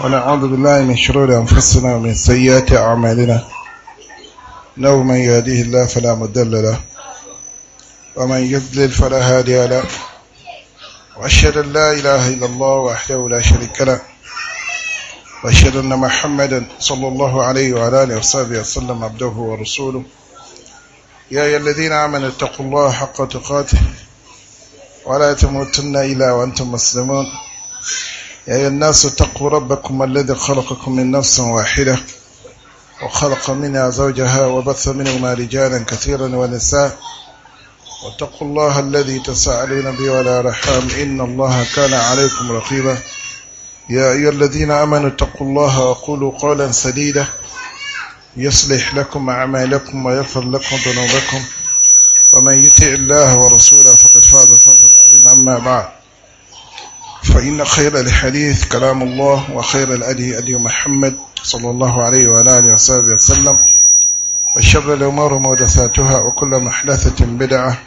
ونعوذ بالله من شرور أنفسنا ومن سيئات أعمالنا نو من يهديه الله فلا مدل له ومن يضلل فلا هادي له وأشهد أن لا إله إلا الله وحده لا شريك له وأشهد أن محمدا صلى الله عليه وعلى آله وصحبه وسلم عبده ورسوله يا أيها الذين آمنوا اتقوا الله حق تقاته ولا تموتن إلا وأنتم مسلمون يا أيها الناس اتقوا ربكم الذي خلقكم من نفس واحدة وخلق منها زوجها وبث منهما رجالا كثيرا ونساء واتقوا الله الذي تساءلون به ولا رحام إن الله كان عليكم رقيبا يا أيها الذين أمنوا اتقوا الله وقولوا قولا سديدا يصلح لكم أعمالكم ويغفر لكم ذنوبكم ومن يطع الله ورسوله فقد فاز فوزا عظيما أما بعد فإن خير الحديث كلام الله وخير الأدي أدي محمد صلى الله عليه وعلى آله وصحبه وسلم وشر الأمور مودثاتها وكل محدثة بدعة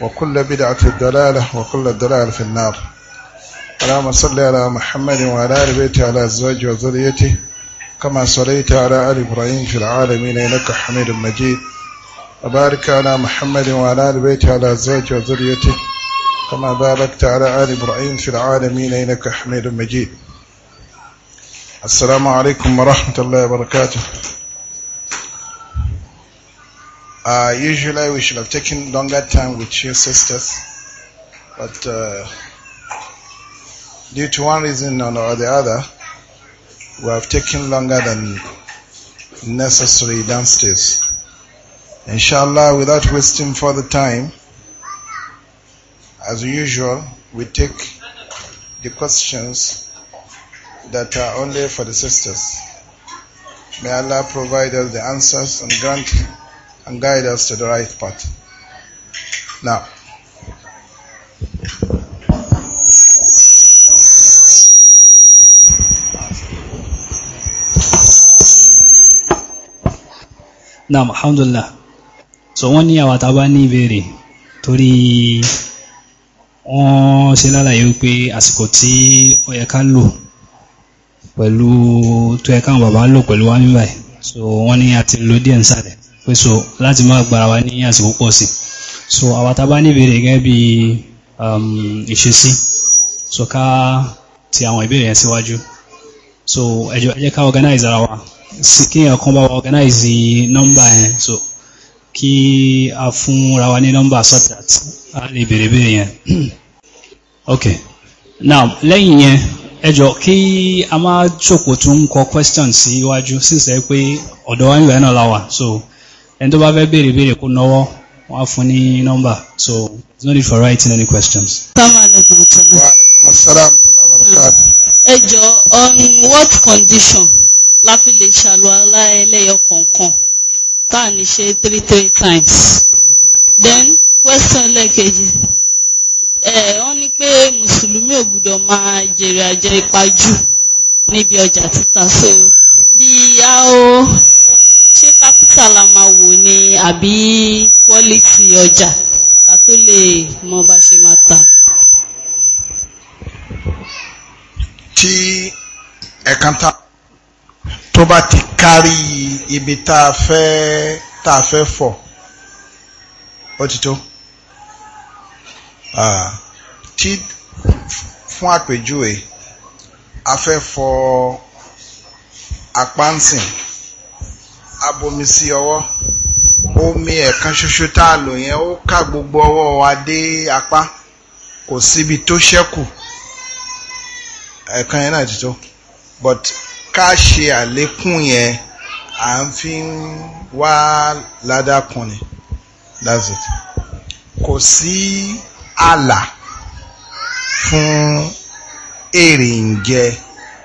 وكل بدعة الدلالة وكل الدلالة في النار اللهم صل على محمد وعلى آل بيته على أزواجه وذريته كما صليت على آل إبراهيم في العالمين إنك حميد مجيد وبارك على محمد وعلى آل بيته على أزواجه وذريته كما باركت على آل إبراهيم في العالمين إنك حميد مجيد السلام عليكم ورحمة الله وبركاته uh, Usually we should have taken longer time with you sisters but uh, due to one reason or the other we have taken longer than necessary downstairs. Inshallah, without wasting further time, as usual, we take the questions that are only for the sisters. May Allah provide us the answers and grant and guide us to the right path. Now, now, alhamdulillah. So wọ́n ní àwàtà bá ní ìbéèrè wọ́n ṣe lálàyé wípé àsìkò tí ó yẹ ká lò pẹ̀lú tó yẹ káwọn bàbá lò pẹ̀lú wá níbà so wọ́n ní àti lò díẹ̀ ń sàlẹ̀ pé so láti má gbára wa ní àsìkò pọ̀ sí so àwa tá bá gẹ́gẹ́ bí um, ìṣesí so ká ti àwọn ìbéèrè yẹn síwájú so ẹ jẹ́ ká organize ara wa kí èèyàn kan bá wa organize nọ́mbà yẹn so kí a fún ra wa ní nọ́mbà so that a lè béèrè béèrè yẹn. Okay. now lẹ́yìn yẹn ẹ jọ̀ọ́ kí a máa jókòó tún kọ question sí iwájú sísẹ pé ọ̀dọ̀ wa ń lọ ẹ náà la wà so ẹni tó bá fẹ́ béèrè béèrè kó náwó wọn á fún ní nọ́mbà so there's no need for writing any questions. ẹ jọ̀ọ́ on what condition la fi lè ṣàlùwàlá ẹlẹ́yọ kọ̀ọ̀kan tá à ní ṣe three three times then question lẹ́ẹ̀kejì. Like wọ́n ní pé mùsùlùmí ò gbúdọ̀ máa jèrè àjẹ ipa jù níbi ọjà títà so bí a ó ṣé kápítà la máa wò ni àbí quality ọjà ká tó lè mọ bá ṣe máa tà. tí ẹ̀kan tá tó bá ti kárí ibi tá a fẹ́ tá a fẹ́ fọ̀ ó ti tó tí fún àpèjúwe a fẹ́ fọ apá ń sìn abomi sí ọwọ́ omi ẹ̀kan ṣoṣo tá a lò yẹn ó ká gbogbo ọwọ́ wa dé apá kò síbi tó ṣẹ́kù ẹ̀kan yẹn náà ti tó but ká ṣe àlékún yẹn à ń fi wá ládàkùn ni that's it kò sí. Si, àlà fún èrè ń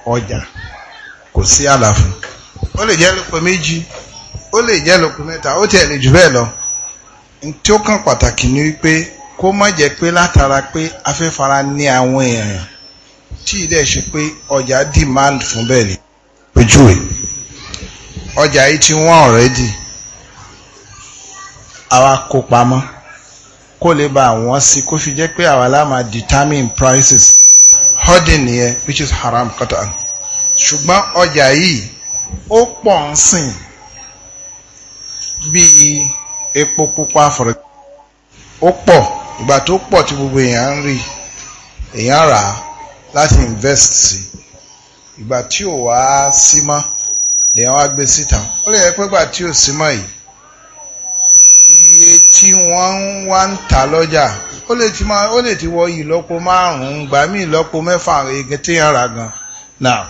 ọjà kò sí àlà fún ó lè jẹ́ lóko méjì ó lè jẹ́ lóko mẹ́ta ó tiẹ̀ lè jù bẹ́ẹ̀ lọ tí ó kàn pàtàkì ni wípé kó má pe pé látara pé afẹ́fara ní àwọn èèyàn tí ilé ṣe pé ọjà demand fún bẹ́ẹ̀ ni ojúwe ọjà yìí ti wọ́n already àwa kó pamọ́ kó lè bá àwọn sí kó fi jẹ́ pé àwa la máa determine prices hoarding nìyẹn which is haram kọ́tà ṣùgbọ́n ọjà yìí ó pọ̀ ń sìn bíi epo pupa fọ̀rọ̀ ó pọ̀ ìgbà tó pọ̀ tí gbogbo èèyàn ń rí èèyàn rà á láti invest sí ìgbà tí ò wá sí lèèyàn wá gbé síta ó lè yẹ pé ìgbà tí ò sí yìí tí wọ́n ń wá ń tà lọ́jà ó lè ti máa ó lè ti wọ ìlọ́po márùn-ún gbà mí ìlọ́po mẹ́fà tí yàn rà gan náà.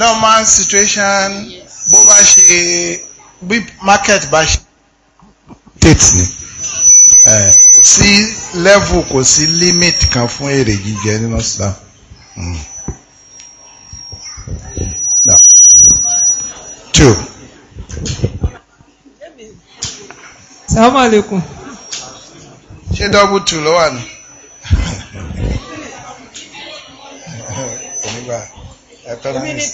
normal situation bó bá ṣe bí market bá ṣe tètè ni kò sí level kò sí limit kan fún èrè jíjẹ nínú sáà. two. Salaam alaikum. Ṣé double two ló wà ní? Onígbà ẹ̀tọ́ náà ní.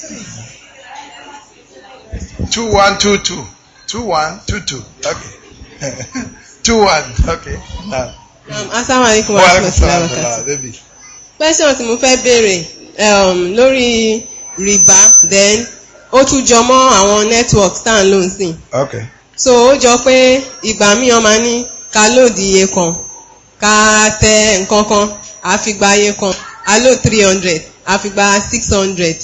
Two one two two two one two two okay two one okay now. Assalamu alaikum wa rahmatullahi wa barakatuh. Pẹ́sọ̀n tí mo fẹ́ béèrè um, lórí rìbá then ó tún jọ mọ́ àwọn networks tá à ń sìn. okay. so ó jọ pé ìgbà míì ọmọ ní ká lòdì iye kan ká tẹ nǹkan kan àfìgbà iye kan alo three hundred àfìgbà six hundred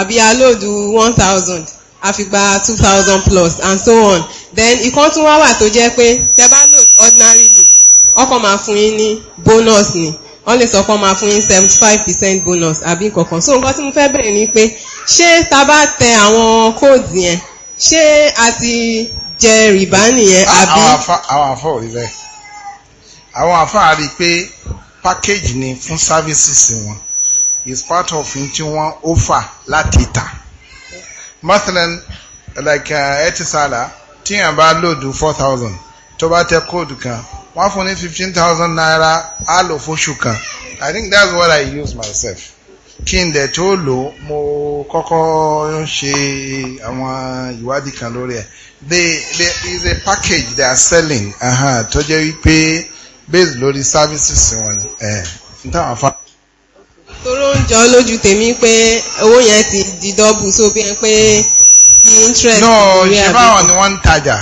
àbí alóòdù one thousand àfìgbà two thousand plus and so on then ìkan tún wá wà tó jẹ́ pé tẹ bá lò ordinarily ọkọ̀ máa fún yín ní bonus ni wọ́n lè sọ pé wọ́n máa fún yín seventy five percent bonus àbí nǹkan kan so nǹkan tí mo fẹ́ bẹ̀rẹ̀ ni pé ṣé tá bá tẹ àwọn kóòdù yẹn ṣé a ti jẹ rìbá nìyẹn àbí. àwọn àfọ ò rí bẹ́ẹ̀ àwọn àfọ àrí pé package ni fún services wọn is part of n tí wọ́n offer láti tà mathalan like etisala uh, tíyàn bá lòdù four thousand tó bá tẹ kóòdù kan wọ́n fún ní fifteen thousand naira á lò fóṣù kan I think that's what I use myself kí n dẹ̀ tó lò mo kọ́kọ́ ń ṣe àwọn ìwádìí kan lórí ẹ̀ there is a package they are selling tó jẹ́ wípé based lórí services wọn ni nítawọn fa. toró ń jọ lójú tèmi pé owó yẹn ti di dọ́bù so bí ẹ pé interest. no ṣé báwọn ni wọ́n ń tajà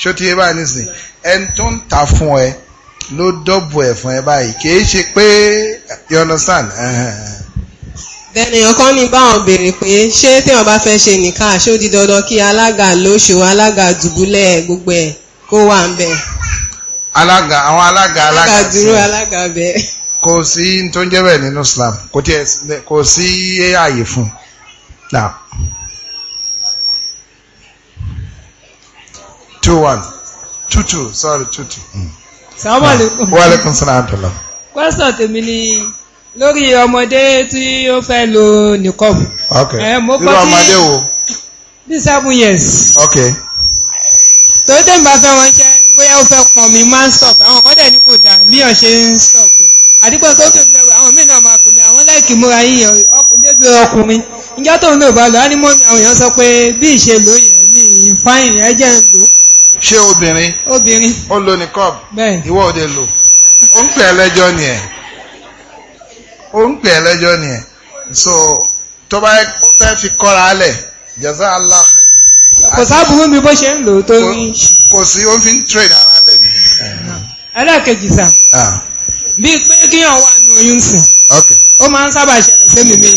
ṣó ti yé báyìí nísìnyí ẹni tó ń ta fún ẹ ló dọ́bù ẹ̀ fún ẹ báyìí kì í ṣe pé you understand. bẹ́ẹ̀ni ọkàn mi báwọn béèrè pé ṣé téèyàn bá fẹ́ ṣe nìka ṣó di dandan kí alága lóṣù alága dùbúlẹ̀ gbogbo ẹ̀ kó wà ń bẹ̀. alága àwọn alága alága dúró alága bẹ́ẹ̀. kò sí tó ń jẹ́ bẹ́ẹ̀ nínú Islam kò tiẹ̀ kò sí ààyè fún un. two one two two sorry two two. Mm sàmàlẹ́kùn. wàhálà kan sínú àdàlà. kwẹ́sàn tèmi ni lórí ọmọdé tí ó fẹ́ lo nìkọ́bù. ok irú ọmọdé wo. bí seven years. ok. torí tèmi bá fẹ́ wọn jẹ́ bóyá ó fẹ́ pọ̀n mi máa ń stop àwọn kọ́dẹ̀ ní kò dà bí ọ̀ ṣe ń stop ẹ̀ àdìgbò tó kò bẹ̀rù àwọn míì náà máa pè mí àwọn láìkì múra yíyan ọkùnrin débi ọkùnrin ìjọ tóun náà bá lọ á ní mọ́ àwọn èèyàn sọ pé bí ìṣe lóye ní ìfáyìn ẹ jẹ́ ṣé obìnrin obìnrin ó lo nìkọ́b ìwọ òde lò ó ń pè ẹlẹ́jọ́ ni ẹ̀ ó ń pè ẹlẹ́jọ́ ni ẹ̀ so tó bá fẹ́ fi kọ́ra lẹ̀ jaza allah kò sáàbùrú mi bó ṣe ń lò tó rí kò sí ó fi ń trade ara lẹ̀ ni. ẹlẹ́ẹ̀kejì sà bíi pé kíyàn wà ní oyún sùn ó máa ń sábà ṣẹlẹ̀ sẹ́mi mi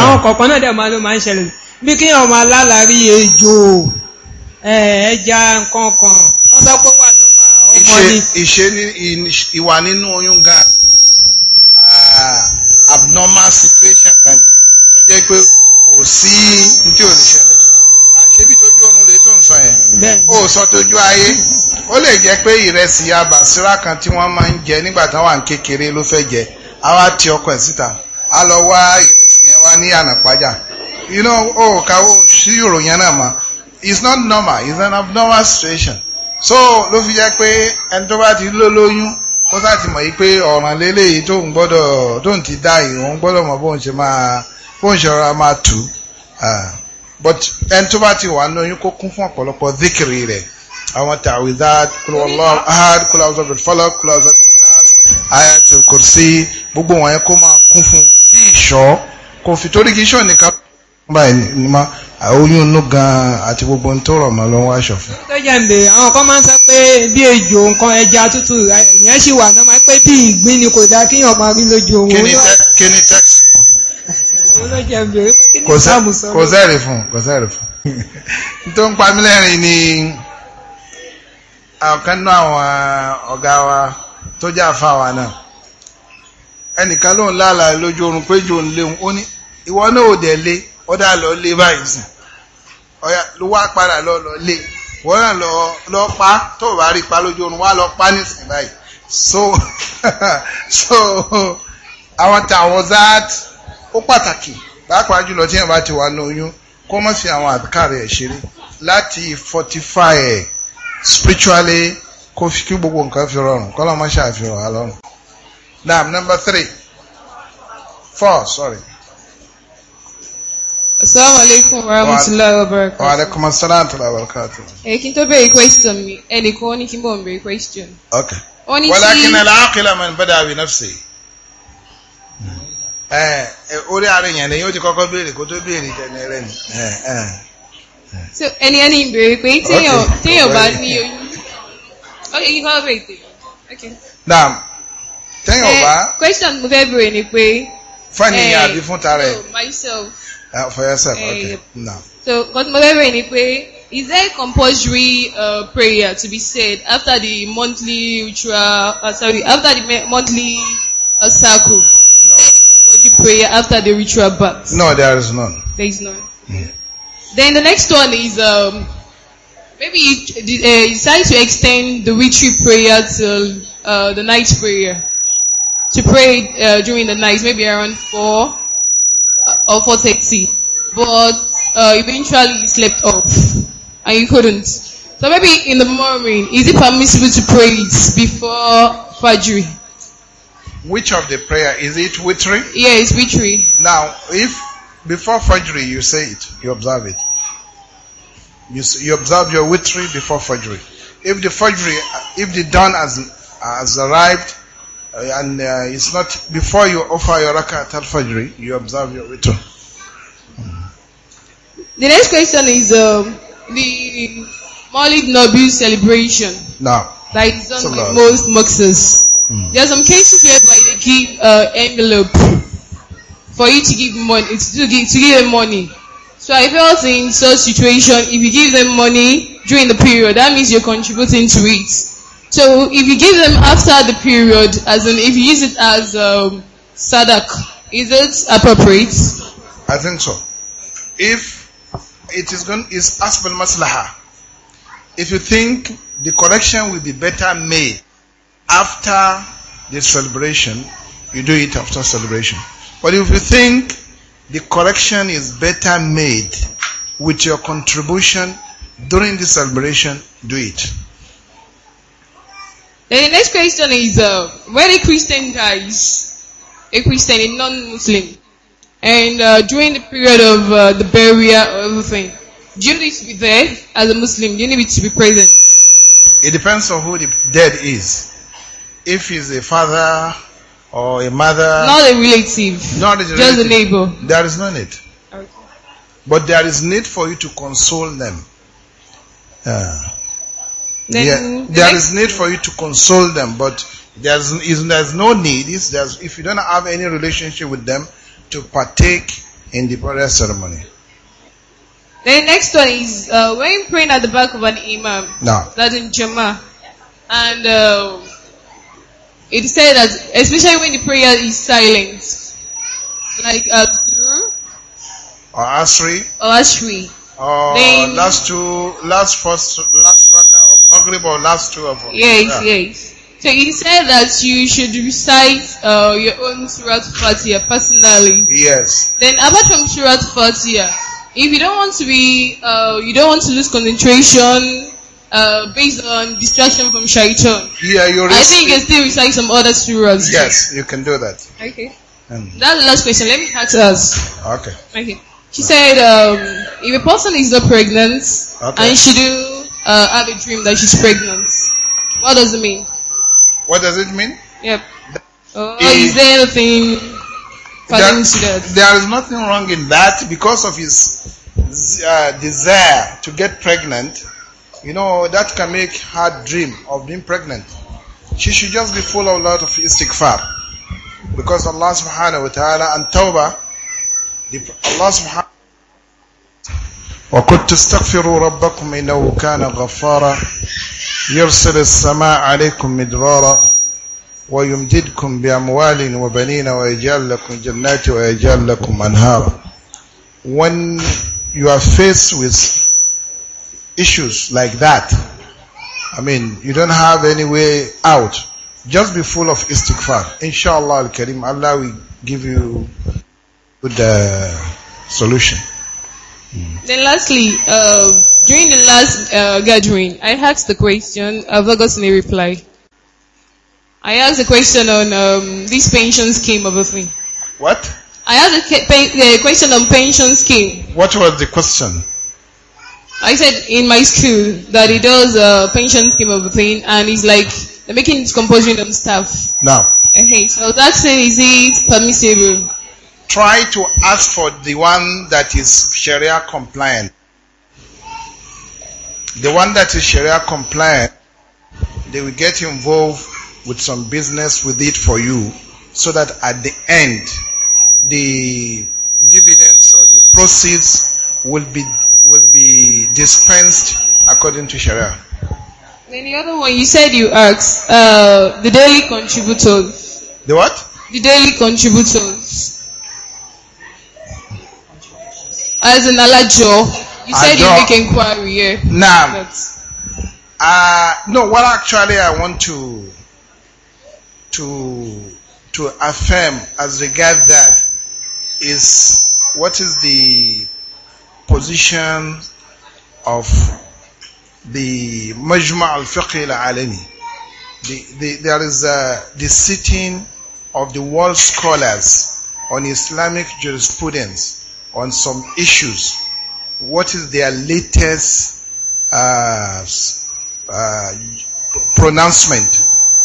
àwọn kọ̀ọ̀kan náà dẹ̀ máa ló máa ń ṣẹlẹ̀ bíi kíyàn máa lálàá rí ejò. ẹja nǹkan kan wọ́n sọ pé wà nọ́mà ọmọ ni. ìṣe ìwà nínú oyún ga abnormal situation kan ni tó jẹ́ pé kò sí ní tí ò ní ṣẹlẹ̀ àṣebí tójú oorun lè tó ń sọ yẹn ó sọ tójú ayé ó lè jẹ́ pé ìrẹsì abàṣírà kan tí wọ́n máa ń jẹ nígbà táwọn à ń kékeré ló fẹ́ jẹ á wá ti ọkọ ẹ̀ síta A lọ wá ìrẹsì yẹn wá ní ànàpájà iná ó kàwó sí ìròyìn náà mọ́ it's not normal it's an abnormal situation so ló fi jẹ́ pé ẹni tó bá ti ló lóyún kó sáà ti mọ̀ yí pé ọ̀ràn lélẹ́yìí tó ń gbọ́dọ̀ tó ń ti dá yìí gbọ́dọ̀ mọ̀ bóun ṣe máa bóun ṣe ọ̀rọ̀ máa tù but ẹni tó bá ti wà lóyún kó kún fún ọ̀pọ̀lọpọ̀ díkìrì rẹ̀ àwọn tàwídá kúlọ̀wọ́lọ́ ahad kúlọ̀wọ́sọ̀bẹ̀ fọlọ́ kúlọ̀wọ́sọ̀bẹ̀ ayatul kursi gbogbo wọn yẹn kó máa kún fún kí ìṣọ́ kò fi torí kí ìṣọ́ nìkan oyún inú gan àti gbogbo ohun tó rọ̀ mọ́ lọ́wọ́ aṣọ fún. tó àwọn kan máa ń sọ pé bí èjò nǹkan ẹja tútù ìyẹn sì wà náà máa pé bí ìgbín ni kò dáa kéèyàn máa rí lójú òun. kí ni tẹ́kìsì wọn. òun ló kò sẹ́ẹ̀rì fún kò sẹ́ẹ̀rì fún. tó ń ni ọ̀kan àwọn uh, ọ̀gá wa tó jẹ́ àfa náà ẹnìkan lóun lójú ń ó ní ìwọ náà ò dẹ̀ lé ó lọ ọ̀yà ló wá padà lọ lọ lé wọ́n náà lọ lọ pa tó bá rí pa lójú oorun wá lọ pa nísìnyí báyìí so so àwọn tàwọn zaat ó pàtàkì pàápàá jùlọ tí èèyàn ti wà lóyún kó má fi àwọn àbíkàrẹ̀ ẹ̀ ṣeré láti fortify ẹ̀ spiritually kó fi kí gbogbo nǹkan fi rọrùn kọ́lọ́ má ṣàfihàn wa lọ́rùn. Now number three four sorry. Assalamu alaikum wa rahmatullahi wa barakatuh. Wa alaikum assalam wa barakatuh. Ẹ kí n tó bẹ̀rẹ̀ question mi, ẹnìkan ó ní kí n bọ̀ ń bẹ̀rẹ̀ question. Ok. Ó ní tí. Walakin al-aqila man bada bi nafsihi. Ẹ orí ara èèyàn lẹ́yìn ó ti kọ́kọ́ béèrè kó tó béèrè tẹ̀lé rẹ̀ ni. So ẹni ẹni ń béèrè pé téèyàn bá ní oyún. Ok, kí n kọ́ bẹ̀rẹ̀ tèmi. Ok. Naam, téèyàn bá. Question mo fẹ́ béèrè ni pé. Fún ẹnìyàn àbí fún tara Myself. Uh, for yourself, eh, okay. No. So, what anyway, is there compulsory uh, prayer to be said after the monthly ritual? Uh, sorry, after the monthly uh, circle? Is no. there any compulsory prayer after the ritual bath? No, there is none. There is none. Mm. Then the next one is um, maybe you uh, decide to extend the ritual prayer till uh, the night prayer to pray uh, during the night, maybe around four or 4.30. But uh, eventually you slept off and you couldn't. So maybe in the morning, is it permissible to pray it before Fajr? Which of the prayer? Is it witri? Yeah, it's witri. Now, if before Fajr you say it, you observe it. You, you observe your witri before Fajr. If the Fajr, if the dawn has, has arrived Uh, and uh, it's not before you offer your rakat al-fajr, you observe your witr. The next question is um, the Malik Nabi celebration. No. that is done by most mosques. Mm. There are some cases where they give uh, envelope for you to give money to give to give them money. So I felt in such situation, if you give them money during the period, that means you're contributing to it. So if you give them after the period, as in if you use it as um, sadak, is it appropriate? I think so. If it is going, is asbal maslaha. If you think the correction will be better made after the celebration, you do it after celebration. But if you think the correction is better made with your contribution during the celebration, do it. Then the next question is uh, when a Christian dies, a Christian, a non Muslim, and uh, during the period of uh, the burial or everything, do you need to be there as a Muslim? Do you need to be present? It depends on who the dead is. If he's a father or a mother. Not a relative. Not a relative. Just a neighbor. There is no need. Okay. But there is need for you to console them. Uh, there, there is need for you to console them, but there's, is, there's no need. There's, if you don't have any relationship with them, to partake in the prayer ceremony. The next one is uh, when praying at the back of an imam. No. That in Jama. And uh, it said that, especially when the prayer is silent, like abdur uh, Or Asri. Or Asri. Or last two, last first, last talking about last two of them. Yes, yeah. yes. So he said that you should recite uh, your own Surah Fatiha personally. Yes. Then apart from Surah Fatiha, if you don't want to be, uh, you don't want to lose concentration uh, based on distraction from shaitan. Yeah, you I think you can still recite some other surahs. Yes, you can do that. Okay. Um. That's last question. Let me ask us. Okay. Okay. She said, um, if a person is not pregnant okay. and she do uh, have a dream that she's pregnant. What does it mean? What does it mean? Yep. Oh, is there anything there, there is nothing wrong in that because of his uh, desire to get pregnant. You know, that can make her dream of being pregnant. She should just be full of a lot of istighfar. Because Allah subhanahu wa ta'ala and tawbah, Allah subhanahu وقد تستغفروا ربكم إنه كان غفارا يرسل السماء عليكم مدرارا ويمددكم بأموال وبنين ويجعل لكم جنات ويجعل لكم أنهارا When you are faced with issues like that, I mean, you don't have any way out. Just be full of istighfar. Inshallah al kareem Allah will give you good uh, solution. Mm. Then lastly, uh, during the last uh, gathering, I asked the question, I've not gotten a reply. I asked the question on um, this pension scheme of a thing. What? I asked the question on pension scheme. What was the question? I said in my school that it does a pension scheme of a thing, and it's like they're making it compulsory on staff. Now. Okay, so that thing is it permissible? try to ask for the one that is Sharia compliant. The one that is Sharia compliant, they will get involved with some business with it for you so that at the end, the dividends or the proceeds will be, will be dispensed according to Sharia. Then the other one, you said you asked uh, the daily contributors. The what? The daily contributors. As in Alajo. You said you make inquiry, yeah. Nah. uh, no, what actually I want to to to affirm as regards that is what is the position of the Majma al-Fiqh al-Alami. The, the, there is a, the sitting of the world scholars on Islamic jurisprudence on some issues. What is their latest uh, uh, pronouncement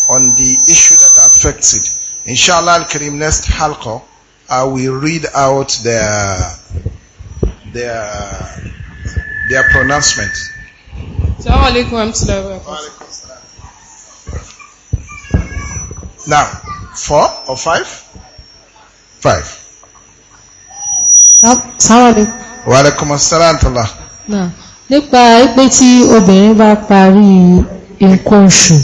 on the issue that affects it? Inshallah al next halqa, I uh, will read out their, their, their pronouncement. Now, four or five? Five. Wàlékùmọ̀ sálàntàlá. Nípa ipé tí obìnrin bá parí nǹkan oṣù.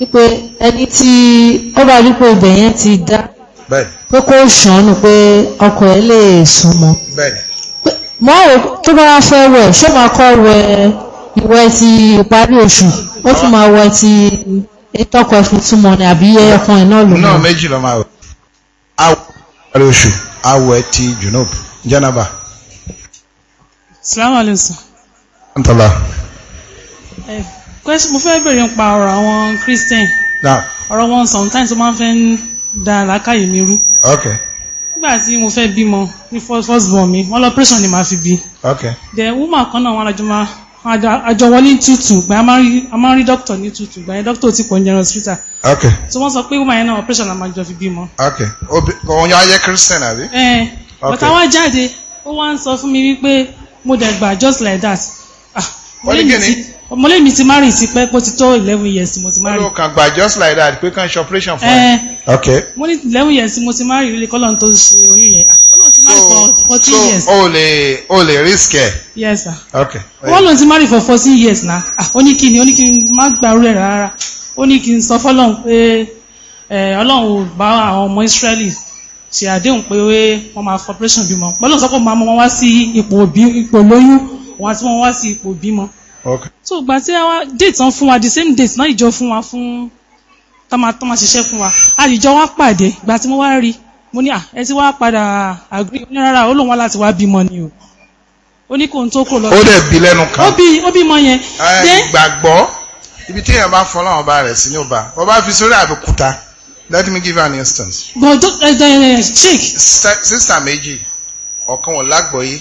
Nípe ẹni tí ó bá rí pé ibẹ̀ yẹn ti dá. Pé kó ṣànú pé ọkọ ẹ̀ lè súnmọ́. Mọ́ ò tó bá fẹ́ wẹ̀, ṣé máa kọ́ wẹ ìwẹ̀ ti ìparí oṣù? Ó tún máa wẹ ti ìtọ́kọ̀ ẹ̀fún túnmọ̀ ni àbí ẹ̀kan ẹ̀ náà lò. Náà méjì lọ máa wẹ̀. Àwọ̀ ẹ̀ ti Junub janaba. salaam aleykum. ntọ́lá. Eh, mo fẹ́ bèrè nípa ọ̀rọ̀ àwọn christian. ọ̀rọ̀ wọn sometimes ó máa fẹ́ ń da làákàyè mi rú. nígbà tí mo fẹ́ bímọ ní first born mi wọ́n lọ operation ni màá fi bí. then woman kan náà wọ́n lajọ máa àjọ tútù gba a máa ń rí dókítà ní tútù gba yẹn dókítà ti pọ̀ ní general hospital. ok so wọ́n sọ pé woman yẹn náà operation la máa jọ fi bímọ. ok òun yà á yẹ christian àbí. Eh but àwa jáde ó wá ń sọ fún mi wípé mo dẹ̀ gbà just like that ah, ọmọlé mi ti marry ti pẹ́ kó ti tó eleven years mo ti marry. olùkàn gbà just like that pé kàn ṣe operation fún ẹ. Eh, ok mo ní eleven years mo ti marry ilé kọ́lọ́n tó ṣe oyún yẹn kọ́lọ́n ah, ti marry for fourteen years. so o lè o lè risk ẹ. yes sir. ok kọ́lọ́n ti marry for fourteen years na ah, ó ní kí ni ó ní kí n má gbàrú ẹ̀ rárá ó ní kí n sọ fọ́lọ́n pé eh, ọlọ́run ò bá àwọn ọmọ Ísírẹ́lì ṣe àdéhùn pé wọ́n máa fọpẹ́ṣàn bímọ pẹ̀lú ìsọ́kọ̀ máa mọ́ wọn wá sí ipò lóyún wọn àti wọn wá sí ipò bímọ. so ìgbà tí a wá date tán fún wa the same date náà ìjọ fún wa fún tọ́mátọ́má ṣiṣẹ́ fún wa àdìjọ wá pàdé ìgbà tí mo wá rí mo ní à ẹ ti wá padà agree ní rárá ó lóun wá láti wá bímọ ni o ó ní kò ń tó kò lọ. ó dẹ̀ bí lẹ́nu kan ó bímọ yẹn. gbàgbọ́ ibi tí èèyàn bá fọlọ́run ọba rẹ̀ sí ní ọba ọba fi sórí àbẹ̀kúta Let me give you an instance. But don't, uh, uh, uh check. Sísà méjì, ọ̀kan ò lágbọ̀ọ́yé,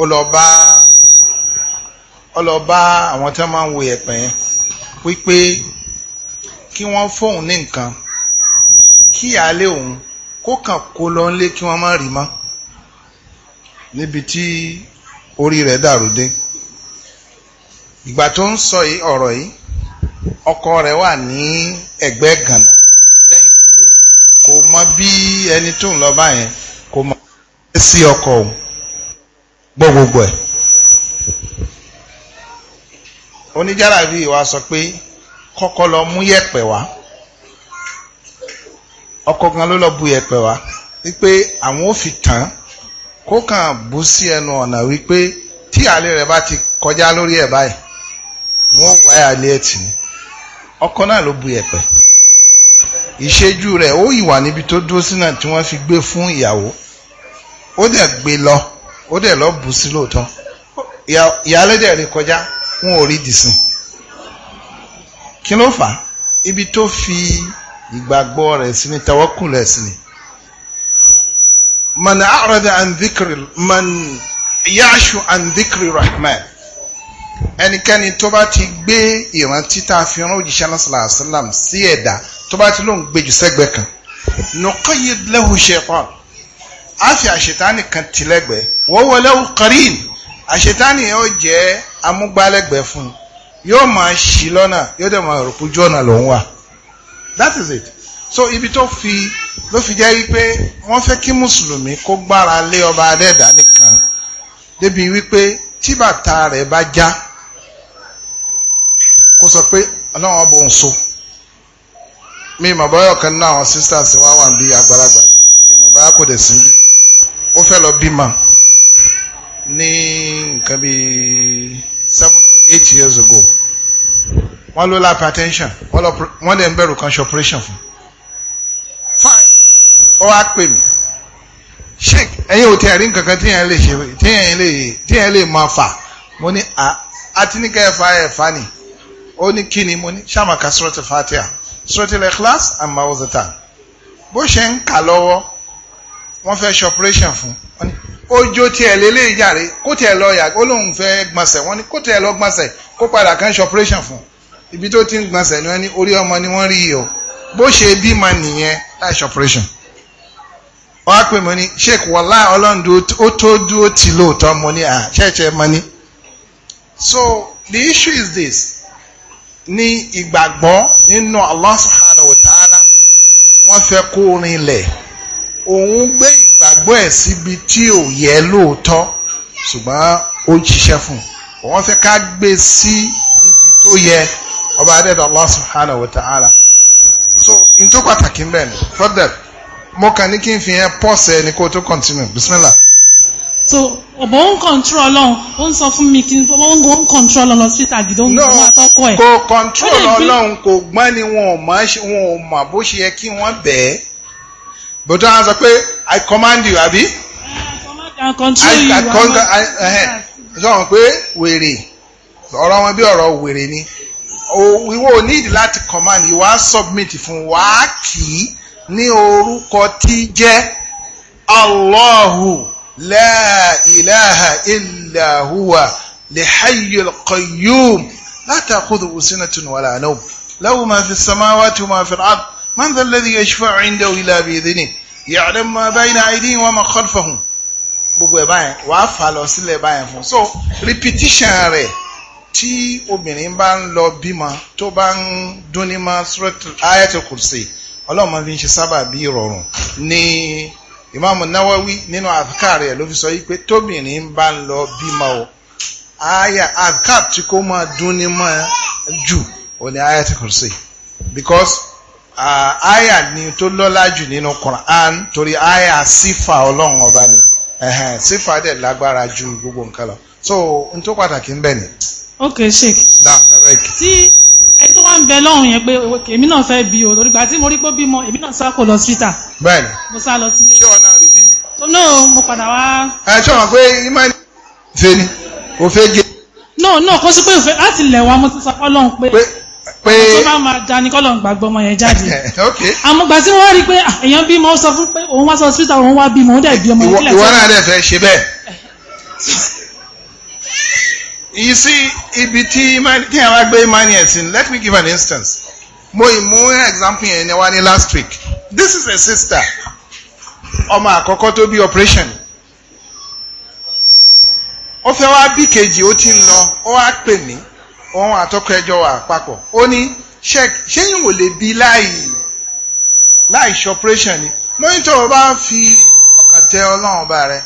ó lọ bá ó lọ bá àwọn tí wọ́n máa ń wo ẹ̀pẹ̀ yẹn wípé kí wọ́n fóun ní nǹkan kí àálé òun kó kàn kó lọ nílé kí wọ́n má rí mọ́ níbi tí orí rẹ̀ dàrú dé. Ìgbà tó ń sọ ọ̀rọ̀ yìí ọkọ rẹ̀ wà ní ẹgbẹ gànà lẹ́yìn kùlé kò mọ bí ẹni tó ń lọ báyẹn kò mọ sí ọkọ òun gbọ́ gbogbo ẹ̀. oníjàlábí wa sọ pé k'ọkọ lọ mú wá ọkọ gan ló lọ bu wá wípé àwọn ò fi kó kàn bú sí ẹnu ọ̀nà wípé tí àlè bá ti kọjá lórí ẹ̀ báyìí wọ́n wáyà ọkọ náà ló bu yẹ̀pẹ̀ ìṣẹ́jú rẹ̀ ó ìwà níbi tó dúró sínú tí wọ́n fi gbé fún ìyàwó ó dẹ̀ gbé lọ ó dẹ̀ lọ bù sí lóòótọ́ ìyálẹ́dẹ̀ rí kọjá wọn ò dìsìn kí ló fà á ibi tó fi ìgbàgbọ́ rẹ̀ sí ni tawakkul rẹ̀ sí ni man a'rada an dhikri man ya'shu an dhikri rahman ẹnikẹ́ni tó bá ti gbé ìrántí tá a fi rán òjíṣẹ́ lọ́sọ̀lá àṣàlám sí ẹ̀dá tó bá ti lóun gbé jù sẹ́gbẹ̀ẹ́ kan nuqayyid lahu shaytan á fi àṣetánì kan tilẹ̀gbẹ́ wa huwa lahu qarin àṣetánì yóò jẹ́ amúgbálẹ́gbẹ́ fún yóò máa ṣì lọ́nà yóò dẹ̀ máa rògbò ọ̀nà lòún wà that is it so ibi tó fi ló fi jẹ́ wípé wọ́n fẹ́ kí mùsùlùmí kó gbára lé ọba adẹ́ẹ̀dá nìkan débi wípé tí rẹ̀ bá já kó sọ pé ọlọ́run ọbọ̀ ń so mi mọ̀ bọ́yọ̀ kan náà àwọn sisters wá wà bí àgbàlagbà ni mi mọ̀ báyà kò dẹ̀ sí bí ó fẹ́ lọ bímọ ní nǹkan bíi seven or eight years ago wọ́n ló lápẹ́ attention wọ́n lè ń bẹ̀rù kan ṣe operation fún fine ó wá pè mí sheik ẹ̀yin ò tí ẹ̀ rí nǹkan kan tí yẹn lè ṣe tí yẹn lè máa fà mo ní àtiníkẹ́ ẹ̀fà ẹ̀fà nìyí ó ní kí ni mo ní ṣàmàkà sọ́tì fatia sọ́tì lẹ́kílás àmà òzìtà bó ṣe ń kà lọ́wọ́ wọ́n fẹ́ ṣe operation fún ojo tiẹ̀ lélẹ́ ìjàre kó tiẹ̀ lọ yà ó lóun fẹ́ gbọ̀nsẹ̀ wọ́n ní kó tiẹ̀ lọ gbọ̀nsẹ̀ kó padà kàn ṣe operation fún ibi tó ti ń gbọ̀nsẹ̀ ni wọ́n ní orí ọmọ ni wọ́n rí yìí o bó ṣe bímọ nìyẹn láì ṣe operation wọ́n á pè mọ́ ní sheik wọ́lá ọlọ́run ó tó dúró tì lóòótọ́ mọ́ ní à ṣẹ́ẹ̀ṣẹ́ mọ́ ní. So the issue is this ní ìgbàgbọ́ nínú Allah subhanahu wa ta'ala wọ́n fẹ́ kó rinlẹ̀ òun gbé ìgbàgbọ́ ẹ̀ síbi tí ò yẹ lóòótọ́ ṣùgbọ́n ó ń ṣiṣẹ́ fún un wọ́n fẹ́ ká gbé sí ibi tó yẹ ọba adẹ́dọ̀ Allah subhanahu so n tó pàtàkì ń bẹ̀ ni further mo kàn ní kí n fi yẹn pause ẹni kó tó continue bismillah so ọ̀bọ̀ ń kọ̀ntró ọlọ́run ó ń sọ fún mi kí n ó ń kọ̀ntró ọlọ́run lọ sí tàgídó ń gbọ́ àtọ́kọ ẹ̀. kò kọ̀ntró ọlọ́run kò gbọ́n ni wọn ò mọ̀ bó ṣe yẹ kí wọ́n bẹ̀ẹ́ bọ́tọ́ á sọ pé i command you àbí. i control you àwọn sọ̀rọ̀ eh, eh. pé wèrè ọ̀rọ̀ wọn bí ọ̀rọ̀ wèrè ni ìwọ ò need láti command you wá submit fún wá kì í ní orúkọ tí jẹ́ Allahu. لا إله إلا هو لحي القيوم لا تأخذه سنة ولا نوم له ما في السماوات وما في الأرض من ذا الذي يشفع عنده إلا بإذنه يعلم ما بين أيديهم وما خلفهم gbogbo ẹ̀ báyẹn wàá fà lọ sílẹ̀ báyẹn fún so repetition rẹ̀ tí obìnrin bá ń lọ bímọ tó bá ń dún ní ma ayatul kursi ọlọ́run máa fi ń ṣe sábà bí ìrọ̀rùn ní Imam Nawawi nínú azkar rẹ̀ ló fi sọ wípé tóbìnrin bá ń lọ bímọ o aya azkar tí kò máa dún ní mọ́ jù ò ní aya ti kursi because uh, aya ni tó lọ́lá jù nínú Quran torí aya sífà ọlọ́run ọba ni sífà dẹ̀ lágbára ju gbogbo nǹkan lọ so n tó pàtàkì ń bẹ ni. ok sheik. naam bẹ́ẹ̀ kì. tí tó wá ń bẹ lọ́hùn yẹn pé èmi náà fẹ́ bí o torí gbà tí mo rí pé bímọ èmi náà sá kò lọ síta. bẹ́ẹ̀ni mo sá lọ sílé. ṣé wọn náà rí bí. tó náà mo padà wá. ẹ ṣé wọn pé imá ni. ṣe ni o fẹ́ gé. no no kó sí pé òfé láti lẹ̀ wá mo ti sọ fọlọ́hún pé. pé pé tó bá máa da ni kọ́lọ̀ ń gbàgbọ́ ọmọ yẹn jáde. àmọ́ gbà tí wọ́n rí pé ah, èèyàn bímọ sọ fún pé òun wá sọ síta òun wá bímọ ó dẹ̀ bí ọmọ ìwọ you see ibi tí kí ẹ wá gbé imani ẹ̀sìn let me give an instance mo mú example yẹn ní wá ní last week this is a sister ọmọ àkọ́kọ́ tó bí operation ó fẹ́ wá bí kejì ó ti ń lọ ó wá pè mí òun àtọkọ ẹjọ́ wà papọ̀ ó ní check ṣéyìn ò lè bí láì láì ṣe operation ni mo ní tó o bá fi ọkàn tẹ ọlọ́run ọba rẹ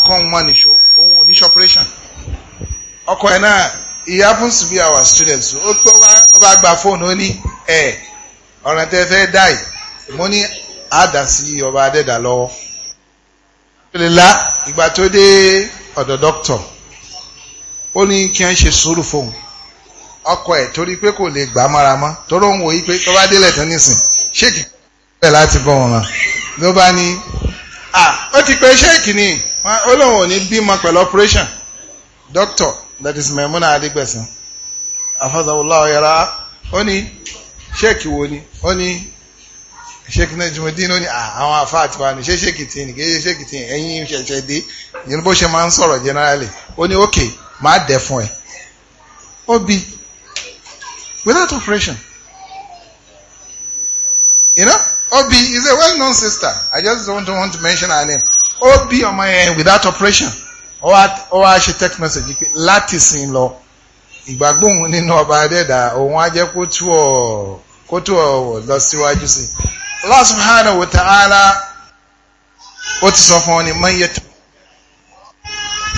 kọ́kọ́ ń wá nìṣó òun ò ní ṣọpẹ́rẹ́ṣàn ọkọ ẹ̀ náà he happens to be our student so ó tó bá gba fóònù ó ní ẹ̀ ọ̀ràn tẹ́ fẹ́ dà yìí mo ní àdá sí ọba adẹ́dà lọ́wọ́ alhamdulillah ìgbà tó dé ọ̀dọ̀ dọ́kítọ̀ ó ní kí wọ́n ṣe sùúrù fóun ọkọ ẹ̀ torí pé kò lè gbà mọ́ra mọ́ torí òun wòye pé tó bá délẹ̀ tán nísìn ṣéèkì bẹ́ẹ̀ láti bọ̀ wọn ló bá ní ó ti pẹ́ ṣéèkì ni wọn olóhùn ò ní bímọ pẹ̀lú operation doctor that is Maimuna Adigbesin afazawula ọ̀yẹ́ra ó ní ṣéèkì wo ni ó ní ṣéèkì náà jùmọ̀dín ó ní ah, àwọn àfa àti wa ni ṣé ṣéèkì tí ní kéṣe ṣéèkì tí ẹ̀yìn ṣẹ̀ṣẹ̀ dé yìí bó ṣe máa ń sọ̀rọ̀ generally ó ní ok máa dẹ̀ fún ẹ ó without operation you know Obi is a well-known sister I just don't want to mention her name ó bí ọmọ yẹn without operation ó wá ṣe text message pé láti sin lọ ìgbàgbóhùn nínú ọba adẹ́dà òun á jẹ́ kó tú ọ̀ kó tú ọ̀ lọ síwájú sí i Allah subhanahu wa ta'ala ó ti sọ fún ọ ní mọ́yẹ́tò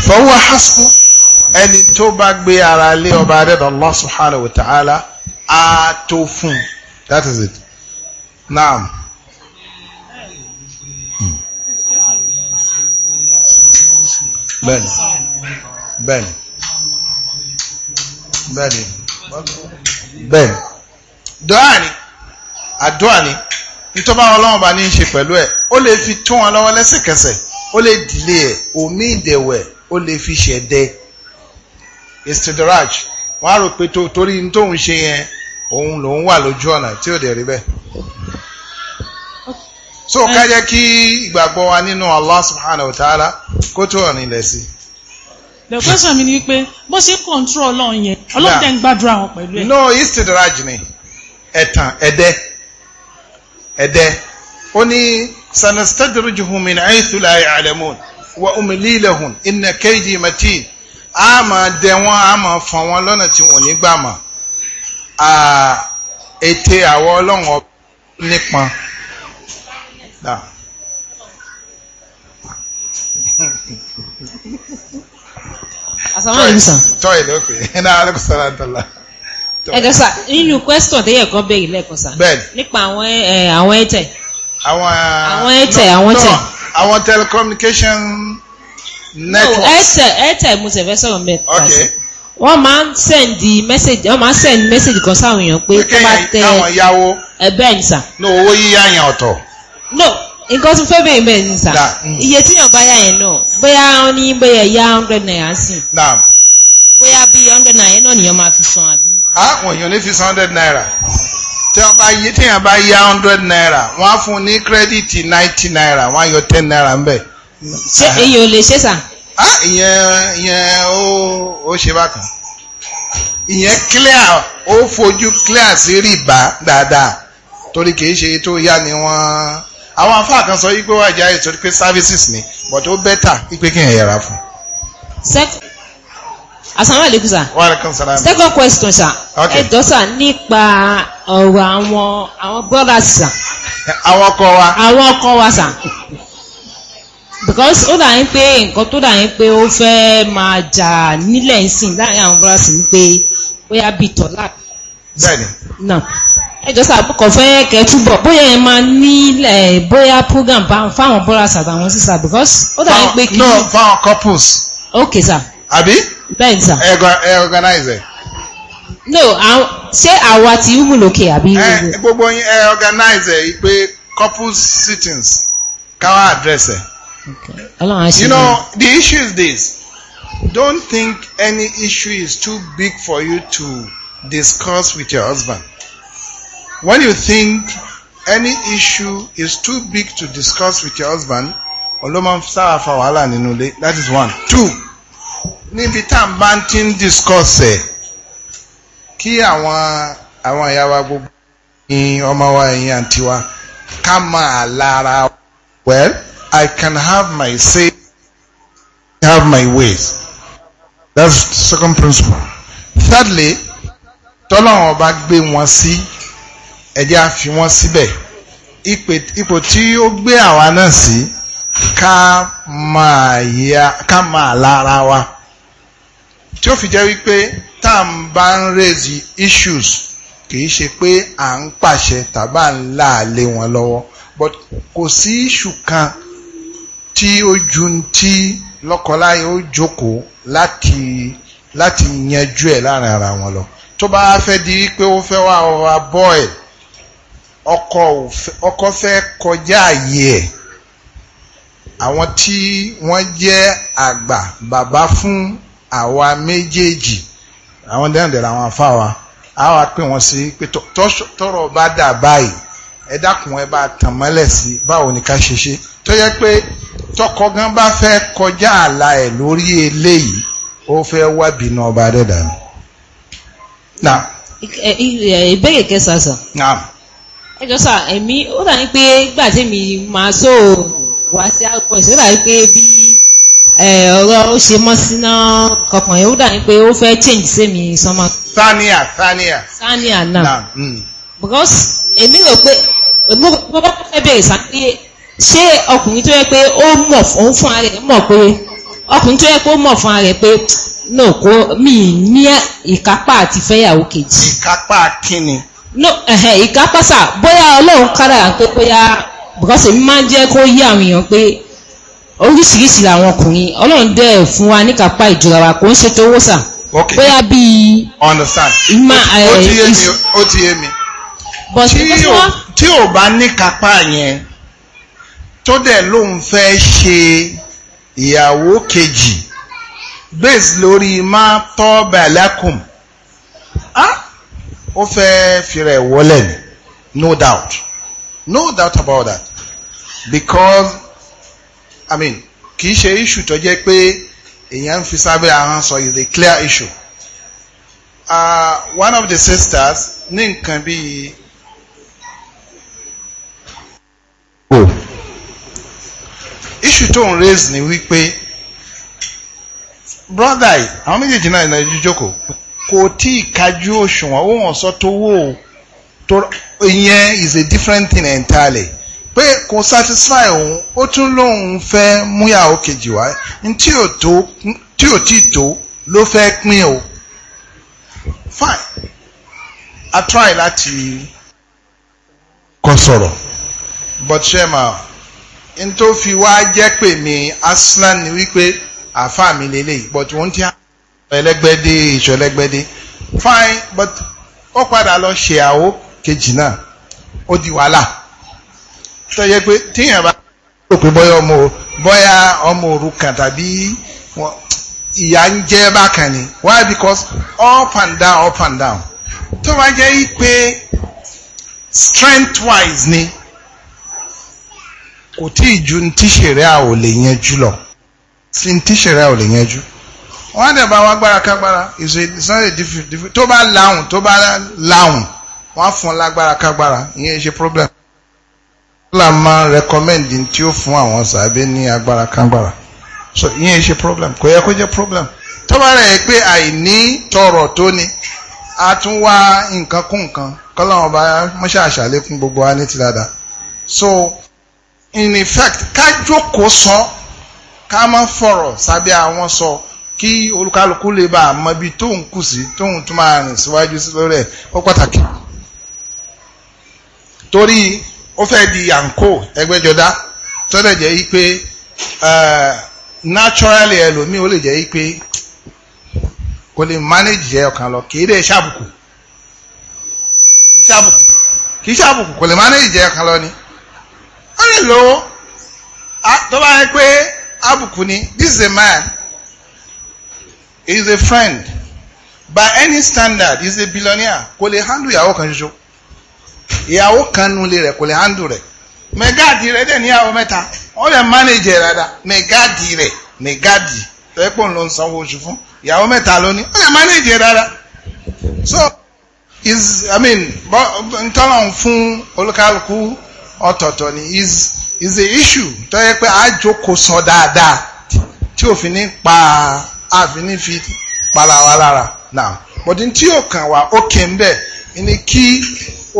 fọwọ́ hasbu ẹni tó bá gbé ara lé ọba adẹ́dà Allah subhanahu wa ta'ala á tó fún that is it naam. bẹ́ẹ̀ni bẹ́ẹ̀ni bẹ́ẹ̀ni bẹ́ẹ̀ni dọ́à ni àdúà ni nítorí ọlọ́run bá ní í ṣe pẹ̀lú ẹ̀ ó lè fi tún wọn lọ́wọ́ lẹ́sẹ̀kẹsẹ̀ ó lè dìlé ẹ̀ omi ìdẹ̀wẹ̀ ó lè fi ṣẹ̀dẹ̀ istidraj wọ́n á rò pé torí ní tóun ṣe yẹn òun lòun wà lójú ọ̀nà tí ò dẹ̀ rí bẹ́ẹ̀. so ká jẹ́ kí ìgbàgbọ́ wa nínú Allah subhanahu wa ta'ala kó tó wà nílẹ̀ sí. the question mi ni pé bó ṣe control ọlọ́run yẹn ọlọ́run tẹ̀ ń gbàdúrà wọn pẹ̀lú ẹ̀. no ni ẹ̀tàn ẹ̀dẹ́ ẹ̀dẹ́ min wa inna mati. a ma dẹ wọn a ma wọn tí wọn ní gbà tọ́yì ló pè é náà alẹ́ kò sọ̀rọ̀ àtọ́lá. ẹ̀jọ̀ sà nínú question tẹ́yẹ̀ kan béèrè lẹ́ẹ̀kan sà nípa àwọn àwọn airtel. àwọn uh, àwọn airtel àwọn tẹ̀. àwọn telecommunication network. airtel airtel mo tẹ̀ fẹ́ sọ̀rọ̀ mẹ́ta sí wọ́n máa ń send message wọ́n máa ń send message kan sáwọn èèyàn pé tó bá tẹ káwọn yáwó ẹ no owó yíyá yẹn ọ̀tọ̀. no nǹkan tó fẹ́ bẹ́ẹ̀ bẹ́ẹ̀ ni sà mm. iye tíyàn bá yá yẹn náà bóyá wọn ní bóyá ìyá hundred naira sí. naam. bóyá bíi hundred naira náà nìyẹn máa fi san àbí. àwọn èèyàn lè fi san hundred naira tí wọn bá yá hundred naira wọn á fún un ní kírẹ́dìtì ninety naira wọn á yọ ten naira ń bẹ̀. ṣé èyí ò lè ṣe sà. ìyẹn ìyẹn ó ó ṣe bákan ìyẹn clear ó fojú clear sí rìbá dáadáa torí kì í ṣe tó yá ni wa àwọn afáà kan sọ yí pé wà jẹ́ ìtọ́jú pé services ni but ó bẹ́tà pípé kí n yẹra fún. asalaamualeykum sir. wa aleykum salaam. second question sir. okay. ẹ jọ sà nípa ọ̀rọ̀ àwọn àwọn brothers sir. àwọn ọkọ wa. àwọn ọkọ wa sir because ó dà yín pé nǹkan tó dà yín pé ó fẹ́ máa jà nílẹ̀ ìsìn láàrin àwọn brothers ni pé bóyá bíi tọ́lá. bẹ́ẹ̀ni. náà ẹjọ́sà àbúkọ̀ fẹ́ kẹ́ túbọ̀ bóyá ẹ máa nílẹ̀ bóyá program bá fáwọn brothers àtàwọn sisters because ó dàbí pé kí. no fáwọn couples. ok sir. àbí. bẹ́ẹ̀ sir. ẹ organize ẹ. no ṣé àwa ti ń wùlò kè àbí. ẹ gbogbo yín ẹ organize ẹ pé couples sittings káwá address ẹ. okay ọlọ́run you know the issue is this don't think any issue is too big for you to discuss with your husband. When you think any issue is too big to discuss with your husband, that is one. two níbi tá à ń bá ti ń discuss ẹ̀ kí àwọn àwọn ìyá wa gbogbo ní ọmọ wa ẹ̀yìn àǹtí wa ká máa lára well I can have my say I have my ways that's the second principle. thirdly tọ́lọ́wọ́n bá gbé wọn sí. Si, ẹjẹ́ á fi wọ́n síbẹ̀ ipò tí ó gbé àwa náà sí ká máa lára wa tí ó fi jẹ́ wípé tá à ń bá ń raise issues kì í ṣe pé à ń pàṣẹ tàbá ń láàlé wọn lọ́wọ́ but kò sí issue kan tí ó ju ti lọ́kọláya ó jókòó láti láti yanjú ẹ̀ láàrin ara wọn lọ tó bá fẹ́ di wípé ó fẹ́ wá ọba bọ́ẹ̀ ọkọ fẹ́ kọjá àyè ẹ̀ àwọn tí wọ́n jẹ́ àgbà bàbá fún àwa méjèèjì àwọn dẹ́ndẹ̀rẹ̀ àwọn afá wa a wá pè wọ́n sí pé tọ́rọ̀ bá dà báyìí ẹ dákun ẹ bá tàn mọ́lẹ̀ sí báwo ni ká ṣe ṣe tó yẹ pé tọkọ gan bá fẹ́ kọjá àlà ẹ̀ lórí eléyìí ó fẹ́ wá bínú ọba dẹ́dà ni. ìbéèrè kẹsàn-án ẹjọ́ sà èmi ó dà ní pé gbà tí mi máa so wá sí outpoint ó dà ní pé bí ọ̀rọ̀ ó ṣe mọ́ síná kankan yẹn ó dà ní pé ó fẹ́ change sẹ́mi sọmọ. sania sania. sania náà hmm. because èmi rò pé mo bá fẹ́ bẹ̀rẹ̀ sá pé ṣé ọkùnrin tó yẹ pé ó mọ̀ òun fún ara rẹ̀ mọ̀ pé ọkùnrin tó yẹ pé ó mọ̀ fún ara rẹ̀ pé no kò mí ní ìkápá àti fẹ́yàwó kejì. ìkápá kí ni no ẹ̀hẹ̀ ìkápásà bóyá ọlọ́run kára pé bóyá because èmi máa ń jẹ́ kó yé àwọn èèyàn pé oríṣiríṣi làwọn ọkùnrin ọlọ́run dẹ̀ fún wa níkàpá ìjọra wa kò ń ṣe tó wọ́sà bóyá bíi o ẹ̀ o ti yé mi tí ò bá níkàpá yẹn tó dẹ̀ lóun fẹ́ ṣe ìyàwó kejì based lórí má tọ́ bàlákùn ah ó fẹ́ fìrẹ̀ wọlé ni no doubt no doubt about that because i mean kì í ṣe issue tó jẹ́ pé èèyàn ń fi sábẹ́ ahọ́n sọ is a clear issue uh, one of the sisters ní nǹkan bíi. Oh. issue tó ń raise ni wípé brother yìí àwọn méjèèjì náà ìnáyí jókòó kò tí ì kájú òṣùwọ̀n ó wọ̀n sọ tó wò ó tó ìyẹn is a different thing entirely pé kò satisfy òun ó tún lóun fẹ́ múyàwó kejì wá tí ò tó tí ò tí tó ló fẹ́ pín o fine I try láti kọ sọ̀rọ̀ but shema n tó fi wá jẹ́ pè mí aslan ni wípé àfa mi lélẹ́yìí but wọ́n ti hàn ẹlẹ́gbẹ́dé ìṣọ̀ fine but ó padà lọ ṣe àwó kejì náà ó di wàhálà tó yẹ pé tíyàn bá rò pé bóyá ọmọ bóyá ọmọ òrukàn tàbí ìyá ń jẹ́ bákan ni why because up and down up and down tó bá jẹ́ pé strength wise ni kò tí ì ju ní tíṣẹ̀rẹ́ àwòlè yẹn jù lọ sí ní tíṣẹ̀rẹ́ àwòlè yẹn jù wọ́n á dẹ̀ bá wọn agbára kágbára it's a it's not a different different tó bá láwùn tó bá láwùn wọ́n á fún lágbára kágbára ìyẹn ṣe problem. Allah máa recommend tí ó fún àwọn sàbẹ̀ ní agbára kágbára so ìyẹn ṣe problem kò yẹ kó jẹ́ problem tó bá rẹ̀ pé àìní tọrọ tó ni a tún wá nǹkan kún nǹkan kọ́láwọn bá mọ́ṣáàṣà lékún gbogbo wa ní ti dáadáa so in effect ká jókòó sọ ká má fọ̀rọ̀ sábẹ́ àwọn sọ. So, kí olúkálukú lè bá a mọ ibi tóun kù sí tóun tún máa rìn síwájú sí lórí ẹ̀ ó pàtàkì torí ó fẹ́ di àǹkó ẹgbẹ́jọdá tó dẹ̀ jẹ́ yí pé naturally ẹlòmíì ó lè jẹ́ yí pé kò lè manage jẹ́ ọ̀kan lọ kì ṣàbùkù kì í ṣàbùkù kò lè manage jẹ́ ọ̀kan lọ ni ó lè lówó tó bá yẹ pé àbùkù ni this is a man is a friend by any standard is a billionaire kò lè handle ìyàwó kan ṣoṣo ìyàwó kan nulẹ̀ rẹ̀ kò lè handle rẹ̀ mẹgáàdì rẹ̀ dẹ̀ níyàwó mẹ́ta wọ́n lè manage rẹ̀ dáadáa mẹgáàdì rẹ̀ mẹgáàdì ló ń sanwó oṣù fún ìyàwó mẹ́ta lónìí wọ́n lè manage rẹ̀ so is i mean ntọ́nà fún olúkálukú ọ̀tọ̀ọ̀tọ̀ ni is is a issue tó yẹ pé àjòkó sọ dáadáa tí òfin ní pa á. àfi ní fi para wa lára náà bọ̀dí tí yóò kàn wá ó kè ń bẹ̀ kí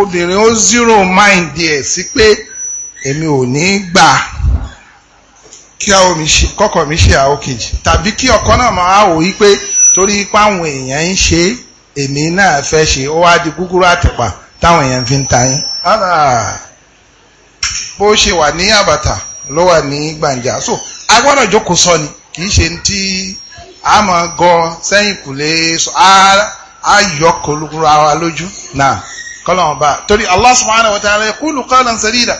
obìnrin ó zero mind ẹ̀ sí pé èmi ò ní gbà kọ́kọ́ mi ṣe àwọn kejì tàbí kí ọkọ náà máa wò yí pé torí ipa àwọn èèyàn ń ṣe èmi náà fẹ́ ṣe ó wá di kúkúrú àtẹ̀pà táwọn èèyàn fi ń ta yín bó ṣe wà ní àbàtà ló wà ní gbàǹjà so agbọ́dọ̀ jókòó sọ ni kì í ṣe a mọ̀ gọ sẹ́yìn kùlé a yọ kòlùkùrù ara lójú náà kọ́lọ̀wọ̀n bá torí Allah subhanahu wa ta'ala yaqulu qawlan sadida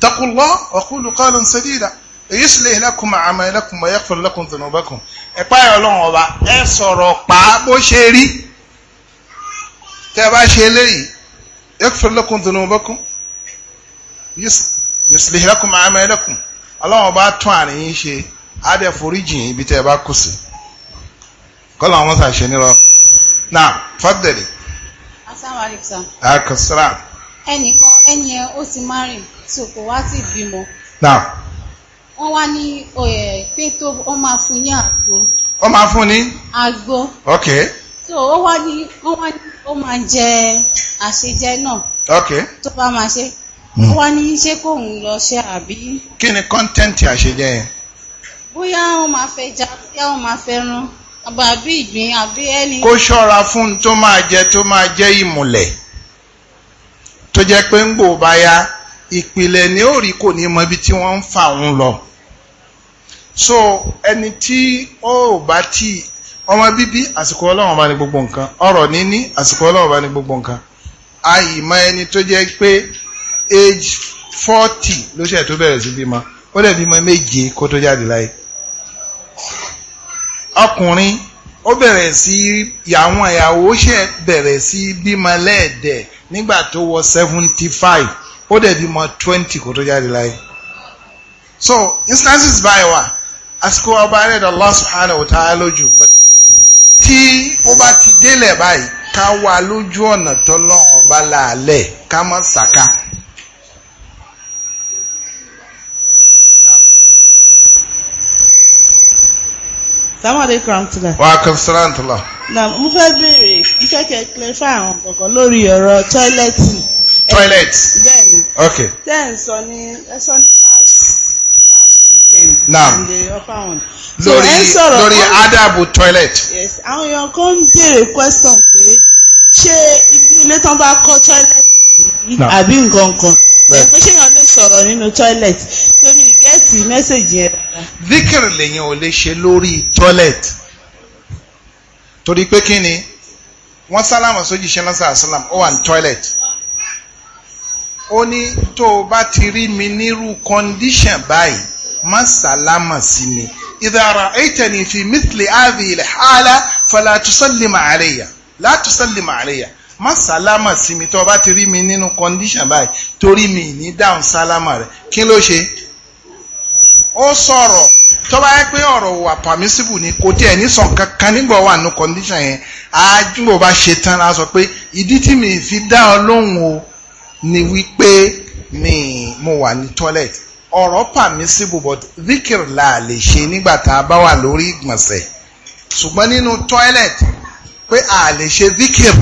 taqullah wa qulu qawlan sadida yuslih lakum a'malakum wa yaghfir lakum dhunubakum ẹ̀pá ọlọ́run ọba ẹ sọ̀rọ̀ pa bó ṣe rí tẹ́ bá ṣe léyìí yaghfir lakum dhunubakum yuslih lakum a'malakum ọlọ́run ọba tún àríyìn ṣe á dẹ̀ foríjì ibi tẹ́ bá kù sí kọ́lá wọn sà ṣe nírọ̀ náà fọ́tẹ̀lì. asalaamualeykum sir. akasra. ẹnìkan ẹni ẹ ó ti márìn tí kò wá sí bímọ. náà. wọ́n wá ní pé tó wọ́n máa fún ní àgbo. wọ́n máa fún ní. àgbo. ok. so ó wá ní wọ́n wá ní ó máa jẹ àṣejẹ náà. ok. tó bá máa ṣe. Hmm. ó wá ní ṣé kóun lọ ṣe àbí. kí ni kọ́ńtẹ́ǹtì àṣejẹ yẹn. bóyá wọ́n máa fẹ́ já bóyá wọ́n máa fẹ́ rán àbí ìgbín àbí ẹni. kó ṣọ́ra fún tó máa jẹ tó máa jẹ́ ìmùlẹ̀ tó jẹ́ pé ń gbò bá ya ìpìlẹ̀ ní òrí kò ní mọ ibi tí wọ́n ń fà ń lọ so ẹni tí ó bá tí ọmọ bíbí àsìkò ọlọ́run bá ní gbogbo nǹkan ọ̀rọ̀ níní àsìkò ọlọ́run bá ní gbogbo nǹkan àyìmọ́ ẹni tó jẹ́ pé age forty ló ṣẹ̀ tó bẹ̀rẹ̀ sí bímọ ó dẹ̀ bímọ méje kó tó jáde láyé ọkùnrin ó bẹ̀rẹ̀ sí àwọn ìyàwó ṣe bẹ̀rẹ̀ sí bímọ lẹ́ẹ̀dẹ̀ nígbà tó wọ seventy five ó dẹ̀ bímọ twenty kó tó jáde láyé so instances báyìí wà àsìkò ọba rẹ̀ Allah subhanahu wa ta'ala lójú tí ó bá ti délẹ̀ báyìí ká wà lójú ọ̀nà tọ́lọ́run ọba láàlẹ̀ ká má sàkà. sàmàdé kọ́ńtìlà. wà á kàn sàràǹtìlà. na mo fẹ́ béèrè ìkẹ́kẹ́ clarify àwọn kọ̀ọ̀kan lórí ọ̀rọ̀ tọ́ílẹ̀tì. toilet. bẹ́ẹ̀ni. ok. ten sọ ní ẹ sọ ní last weekend. naam lórí lórí adabu toilet. yes àwọn èèyàn kan ń béèrè question pé ṣé ibi ilé tán bá kọ́ toilet àbí nǹkan kan. bẹ́ẹ̀ pé ṣé èèyàn lè sọ̀rọ̀ nínú toilet tóbi gẹ́ẹ̀tì mẹ́sẹ̀jì yẹn rárá. díkìrì lèyìn ò lè ṣe lórí tọ́lẹ̀tì torí pé kí ni wọ́n sálámà sójì ṣe lọ́sà àsálàm ó wà ní tọ́lẹ̀tì ó ní tó o bá ti rí mi nírú kọ́ndíṣàn báyìí má sálámà sí mi ìdára ẹ̀tẹ̀ni fi mithli áàbì ilẹ̀ hàlá fala tusallim alayya la má sálámà sí mi tó o bá ti rí mi nínú kọ́ndíṣàn báyìí torí mi ní dáhùn sálámà rẹ̀ kí ló ṣe ó sọ̀rọ̀ tó bá yẹ pé ọ̀rọ̀ wà permissible ni kò tí ẹ̀ ní sàn kankan nígbà wà nù condition yẹn àjùmọ̀ bá ṣe tán la sọ pé ìdí tí mi fi dá ọ lóhùn o ni wípé mi mo wà ní toilet ọ̀rọ̀ permissible but vikir la lè ṣe nígbà tá a bá wà lórí ìgbọ̀nsẹ̀ ṣùgbọ́n nínú toilet pé a lè ṣe zikir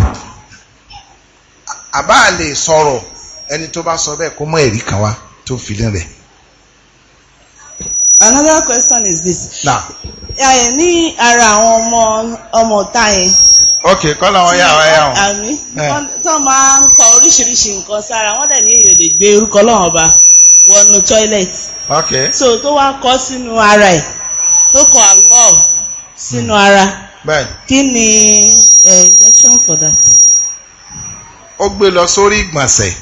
àbá lè sọ̀rọ̀ ẹni tó bá sọ bẹ́ẹ̀ kó mọ ẹ̀rí kan wá tó fi lé rẹ̀ another question is this. na. ẹ eh, ní ara àwọn ọmọ ọmọ ọ̀tá yẹn. ok kọ́lá wọn yà eh. wọ́n yà wọ́n. àmì tó máa ń kọ oríṣiríṣi nǹkan sára wọ́n dẹ̀ ní èèyàn lè gbé orúkọ lọ́wọ́n ọba wọnú toilet. ok so tó wá kọ́ sínú ara ẹ̀ tó kọ Allah sínú hmm. ara. bẹ́ẹ̀ kí ni injection eh, for that. ó gbé lọ sórí ìgbọ̀nsẹ̀.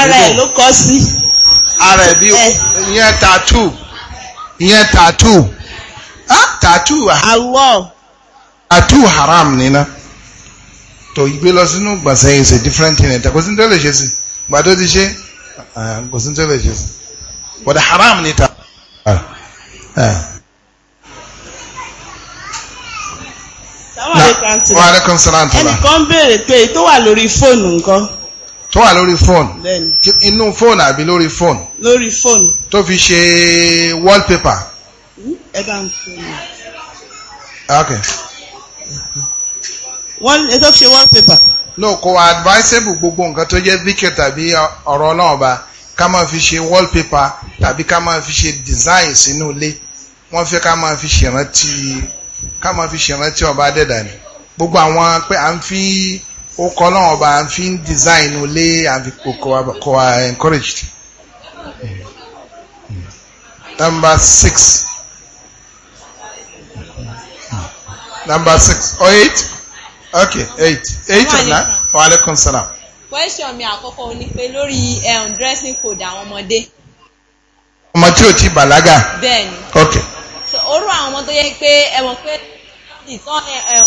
ara ẹ̀ ló kọ́ sí ara ẹ̀ tattoo, ìyẹn tattoo ah tattoo tattoo Allah tattoo haram nina. tó gbé lọ sínú gbọ̀nsẹ̀ yìí ṣe different thing ẹ̀ta kò sí ní tó lè ṣe sí gbà tó ti ṣe eh, kò sí ní ṣe sí wọ́n haram ní ta. Ah. Ah. Wa alaikum salaam. Ẹnìkan béèrè pé tó wà lórí fóònù nǹkan tó wà lórí fóònù inú fóònù àbí lórí fóònù lórí fóònù tó fi ṣe wallpaper ẹ bá ń fóònù ok ẹ tó fi ṣe wallpaper no kò wà advisable gbogbo nǹkan tó jẹ́ zikir tàbí ọ̀rọ̀ ọlọ́run ba ká máa fi ṣe wallpaper tàbí ká máa fi ṣe design sínú ilé wọ́n fẹ́ ká máa fi ṣèrántí ká máa fi ṣèrántí ọba adẹ́dà ni gbogbo àwọn pé à ń fi ó kọ́ náà ọba à ń fi ń design olé àfi kò wà encouraged. number six number six or oh, eight okay eight eight ọ̀nà wa aleykum salaam. question mi àkọ́kọ́ ni pé lórí eh, dressing code àwọn ọmọdé. ọmọ tí o ti bàlágà. bẹ́ẹ̀ni. okay. so orú àwọn ọmọ tó yẹ pé ẹ mọ̀ pé. Eh, eh,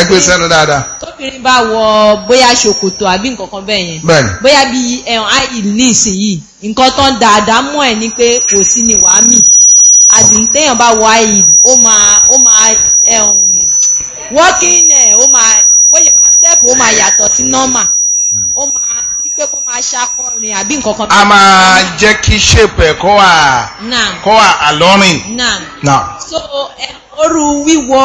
ẹ pè sẹ́nu dáadáa. tóbìnrin bá wọ bóyá ṣòkòtò àbí nǹkan kan bẹ́ẹ̀ yẹn. bẹ́ẹ̀ni. bóyá bí eh, high heel ní ìsinyìí nǹkan tán dáadáa mọ̀ ẹ́ ni pé kò sí ni wàá mì. àdìntẹ́yàn bá wọ high heel ó máa ó máa working ẹ̀ ó máa bóyá step ó máa yàtọ̀ sí normal máa àbí nǹkan kan. a máa jẹ́ kí ṣèpù ẹ̀ kó wà kó àlọ́rìn. so oru wíwọ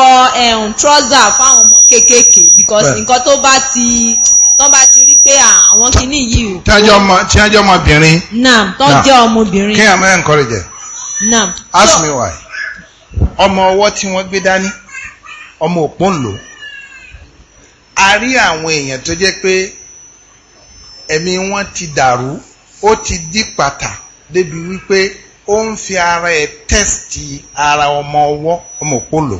trọ́sà fáwọn ọmọ kéékèèké because nǹkan tó bá ti tọ́ bá ti rí pé àwọn kìíní yìí o. tí a jẹ́ ọmọbìnrin. naam tọ́ jẹ́ ọmọbìnrin. kí ni àmọ́ encourage. naam. ask me why. ọmọ ọwọ́ tí wọ́n gbé dání ọmọ òpó ń lò. a rí àwọn èèyàn tó jẹ́ pé ẹ̀mí wọn ti dàrú ó ti di pàtà débi wípé ó ń fi ara ẹ̀ tẹ́sítì ara ọmọ ọwọ́ ọmọ òpólò.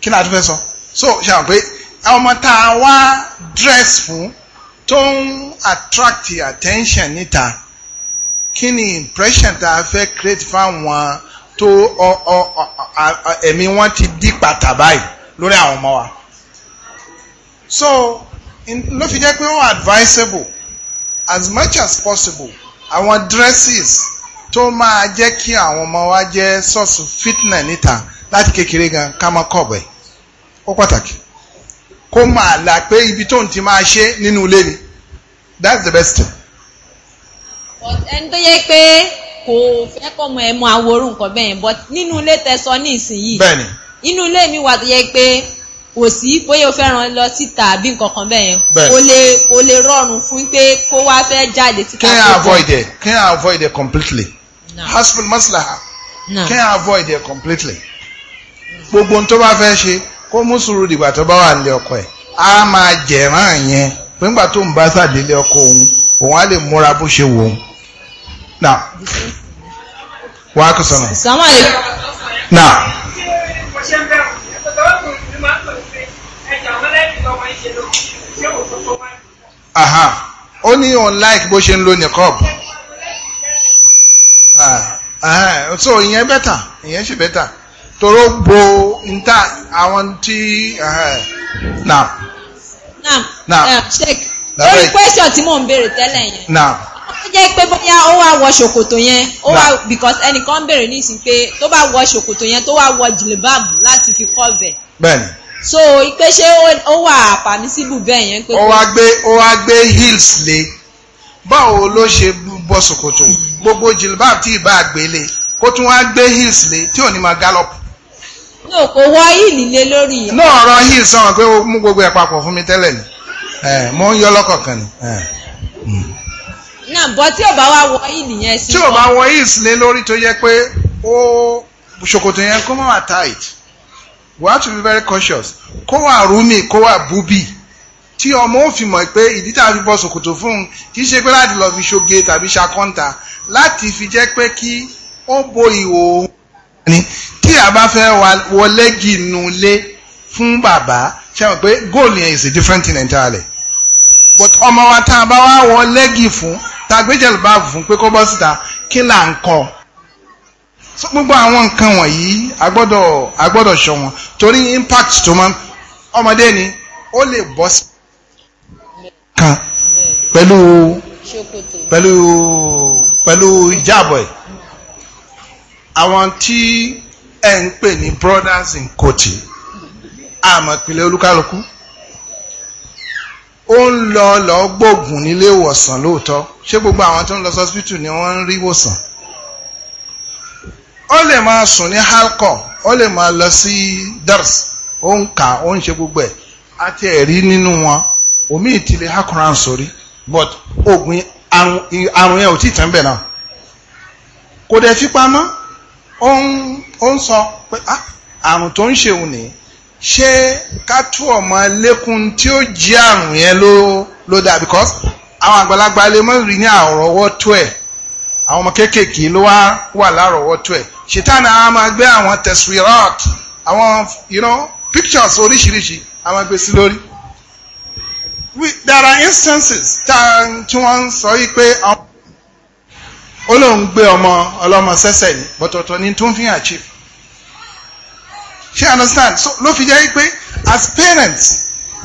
kí ni a tún fẹ́ sọ so ṣàwọn pé ọmọ tá a wá dress fún tó ń attract attention níta kí ni impression tá a fẹ́ create fáwọn tó ẹ̀mí wọn ti di pàtà báyìí lórí àwọn ọmọ wa so ló fi jẹ́ pé ó advisable as much as possible àwọn dresses tó máa jẹ́ kí àwọn ọmọ wa jẹ́ source fitna níta láti kékeré gan ká má kọ̀bẹ̀ ó pàtàkì kó máa là pé ibi tóun ti máa ṣe nínú ilé ni that's the best thing. ẹni tó yẹ pé kò fẹ́ kọ́ mọ ẹ mọ àwòrán nǹkan bẹ́ẹ̀ yẹn but nínú ilé tẹ sọ ní ìsinyìí inú ilé mi wà tó yẹ pé kò sí bóyá o fẹ́ràn lọ síta àbí nǹkan bẹ́ẹ̀ yẹn o lè o lè rọrùn fún pé kó wá fẹ́ jáde síta. can I avoid it can I avoid it completely. Hospital, hasbul maslaha. can I avoid it completely. gbogbo n tó bá fẹ́ ṣe kó mú sùúrù dìgbà tó bá wà nílé ọkọ ẹ̀ á máa jẹ̀ràn yẹn nígbà tó ń bá sàdélé ọkọ òun òun á lè múra bó ṣe wò ó. now wàá kò sọ̀rọ̀. sàmúlẹ̀. now. aha ó ní on like bó ṣe ń lo niqab ah, eh, so ìyẹn bẹ́tà ìyẹn ṣì bẹ́tà toro gbo nta àwọn tí na. na na check lórí question tí mò ń béèrè tẹ́lẹ̀ yẹn. ó jẹ́ pé bóyá ó wá wọ ṣòkòtò yẹn ó wá because ẹnìkan béèrè nísìnyí pé tó bá wọ ṣòkòtò yẹn tó wá wọ láti fi cover. bẹ́ẹ̀ni so ipe ṣé ó wà permissible bẹ́ẹ̀ yẹn pé. ó wá gbé ó wá gbé heels lé báwo ló ṣe bọ́ ṣòkòtò gbogbo jilbab tí ìbá gbélé kó tún wá gbé heels lé tí ò ní máa gallop. ní òkò wọ híìlì lé lórí. náà ọ̀rọ̀ heels sọ̀rọ̀ pé mú gbogbo ẹ̀ papọ̀ fún mi tẹ́lẹ̀ ni mo ń yọ lọ́kọ̀ọ̀kan ni. Hmm. náà bọ́ tí ò bá wá wọ híìlì yẹn sí. tí ò bá wọ heels lé lórí tó yẹ pé ó ṣòkòtò yẹn kó má wà tight we have to be very cautious kó wà rúmi kó wà búbì tí ọmọ ò fi mọ̀ pé ìdí tá a fi bọ́ ṣòkòtò fún un kì í ṣe pé láti lọ fi ṣoge tàbí ṣakọ́ńtà láti fi jẹ́ pé kí ó bo ìwò ni tí a bá fẹ́ wọlé gìnnulé fún bàbá ṣe mọ̀ pé goal yẹn is a different thing entirely but ọmọ wa tá a bá wá wọlé gì fún tá a fún pé kó bọ́ síta kí là ń kọ́ ọ so gbogbo àwọn nǹkan wọ̀nyí agbọ́dọ̀ agbọ́dọ̀ ṣọ wọn torí impact tó máa ọmọdé ni ó lè bọ́ sí kan pẹ̀lú pẹ̀lú pẹ̀lú ìjábọ̀ ẹ̀ àwọn tí ẹ̀ ń pè ní brothers in koti àmọ́ ìpìlẹ̀ olúkálukú ó ń lọ lọ gbóògùn nílé ìwòsàn lóòótọ́ ṣé gbogbo àwọn tó ń lọ sọ́sìpítù ni wọ́n ń rí ìwòsàn ó lè máa sùn ní halkọ ó lè máa lọ sí dars ó ń kà ó ń ṣe gbogbo ẹ̀ àti ẹ̀rí nínú wọn omi ìtìlẹ̀ hakuran sórí but oògùn àrùn yẹn ò tí tán bẹ̀ náà kò dẹ̀ fi pamọ́ ó ń sọ pé ah, àrùn tó ń ṣeun nìyí ṣé ká tú ọmọ lẹ́kùn tí ó jí àrùn yẹn ló ló because àwọn àgbàlagbà lè mọ̀ rí ní àrọ̀wọ́tó ẹ̀ àwọn ọmọ kéékèèké ló wá wà lárọ̀wọ́tó ẹ̀ ṣìtánì a máa gbé àwọn tẹ̀síwìrọ́t àwọn you know pictures oríṣiríṣi a máa gbé sí lórí. there are instances tí wọ́n ń sọ wípé ó lóun gbé ọmọ ọlọ́mọ sẹ́sẹ̀ ní bọ̀tọ̀tọ̀ ní tó ń fi hàn chief she understand so ló fi jẹ́ pé as parents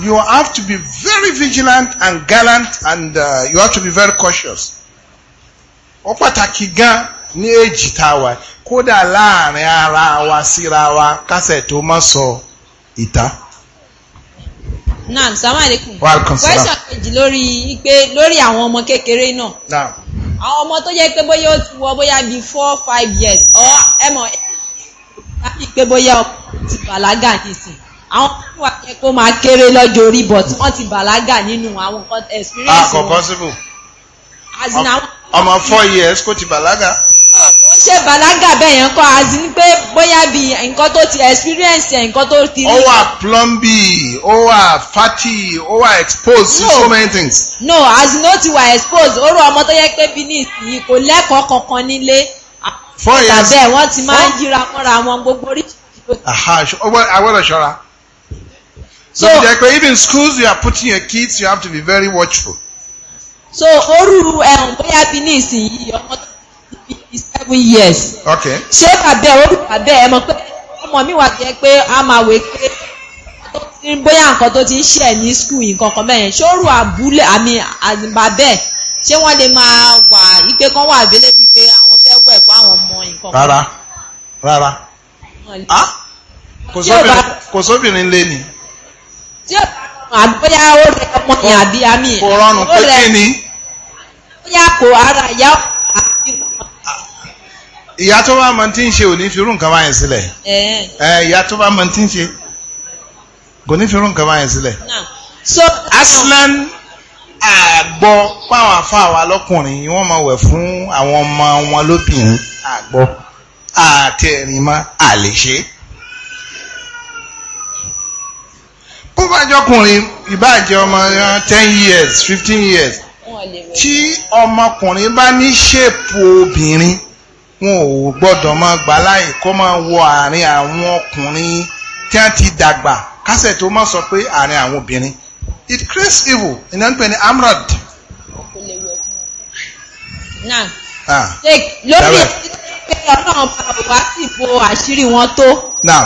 you have to be very vigilant and gallant and uh, you have to be very cautious. ó pàtàkì gan ní èjì tá a wà kódà láàrin ara wa síra wa kásẹ̀ tó mọ̀ sọ ìta. naam salaam aleykum. wa aleykum salaam. question kejì lórí pé lórí àwọn ọmọ kékeré náà. naam. àwọn ọmọ tó jẹ́ pé bóyá ó ti wọ bóyá bíi four five years ọ̀ ẹ mọ̀ láti pé bóyá ọkùnrin ti bàlágà nísìn àwọn tó wà yẹ kó máa kéré lọ́jọ́ orí but wọ́n ti bàlágà nínú àwọn experience wọn. àkọ́kọ́ ah, síbò ọmọ four years kó ti bàlágà ṣe bàlágà bẹ́ẹ̀ yẹn kọ́ àti ní pé bóyá bí nǹkan tó ti experience yẹn nǹkan tó ti. ó wà plumbing ó wà fatty ó wà exposed to so many things. no as ní ó ti wà exposed ó rò ọmọ tó yẹ pé bí ní ìsinyìí kò lẹ́kọ̀ọ́ kankan nílé. four years tàbẹ́ wọ́n ti máa ń yíra mọ́ra wọn gbogbo oríṣiríṣi. àwọ̀dọ̀ ṣọ́ra. so ló jẹ́ pé even schools you are putting your kids you have to be very watchful. so oru ẹ̀hún bóyá bí ní ìsinyìí ọmọ tó seven years. okay. ṣé bàbá ẹ orúkọ bàbá ẹ mọ̀ pé ọmọ mi wà jẹ́ pé a máa wé pé bóyá nǹkan tó ti ń ṣe ẹ̀ ní skul nǹkan kan mẹ́yẹn ṣé ó rò abúlé àmì bàbá ẹ̀ ṣé wọ́n lè máa wà ipe kan wà available pé àwọn fẹ́ wẹ̀ fún àwọn ọmọ nǹkan kan. rárá rárá ah, kò sóbìnrin lé ni. tí o bá bóyá ó rẹ ọmọ yẹn àbí àmì. kò rọrùn pé kí ni. bóyá kò ara ìyá ọ̀hún ìyá tó bá mọ̀ tí ń ṣe ò ní fi irú nǹkan báyìí sílẹ̀ ìyá tó bá mọ̀ ń ṣe kò ní fi nǹkan báyìí sílẹ̀ so aslan àgbọ́ páwọn afáwa lọ́kùnrin wọ́n máa wẹ̀ fún àwọn ọmọ wọn lóbìnrin àgbọ́ àtẹ̀rìnmọ́ àlèṣe bó bá ìbáàjẹ́ ọmọ uh, ten years fifteen years tí ọmọkùnrin bá ní ṣèpù obìnrin wọn ò gbọ́dọ̀ máa gbà láì kó máa wọ àárín àwọn ọkùnrin tí wọ́n ti dàgbà kásẹ̀ tó máa sọ pé àárín àwọn obìnrin it creates evil iná ń pè amrad. Ah. lórí pé ọlọ́run bá wá sí ìbò àṣírí wọn tó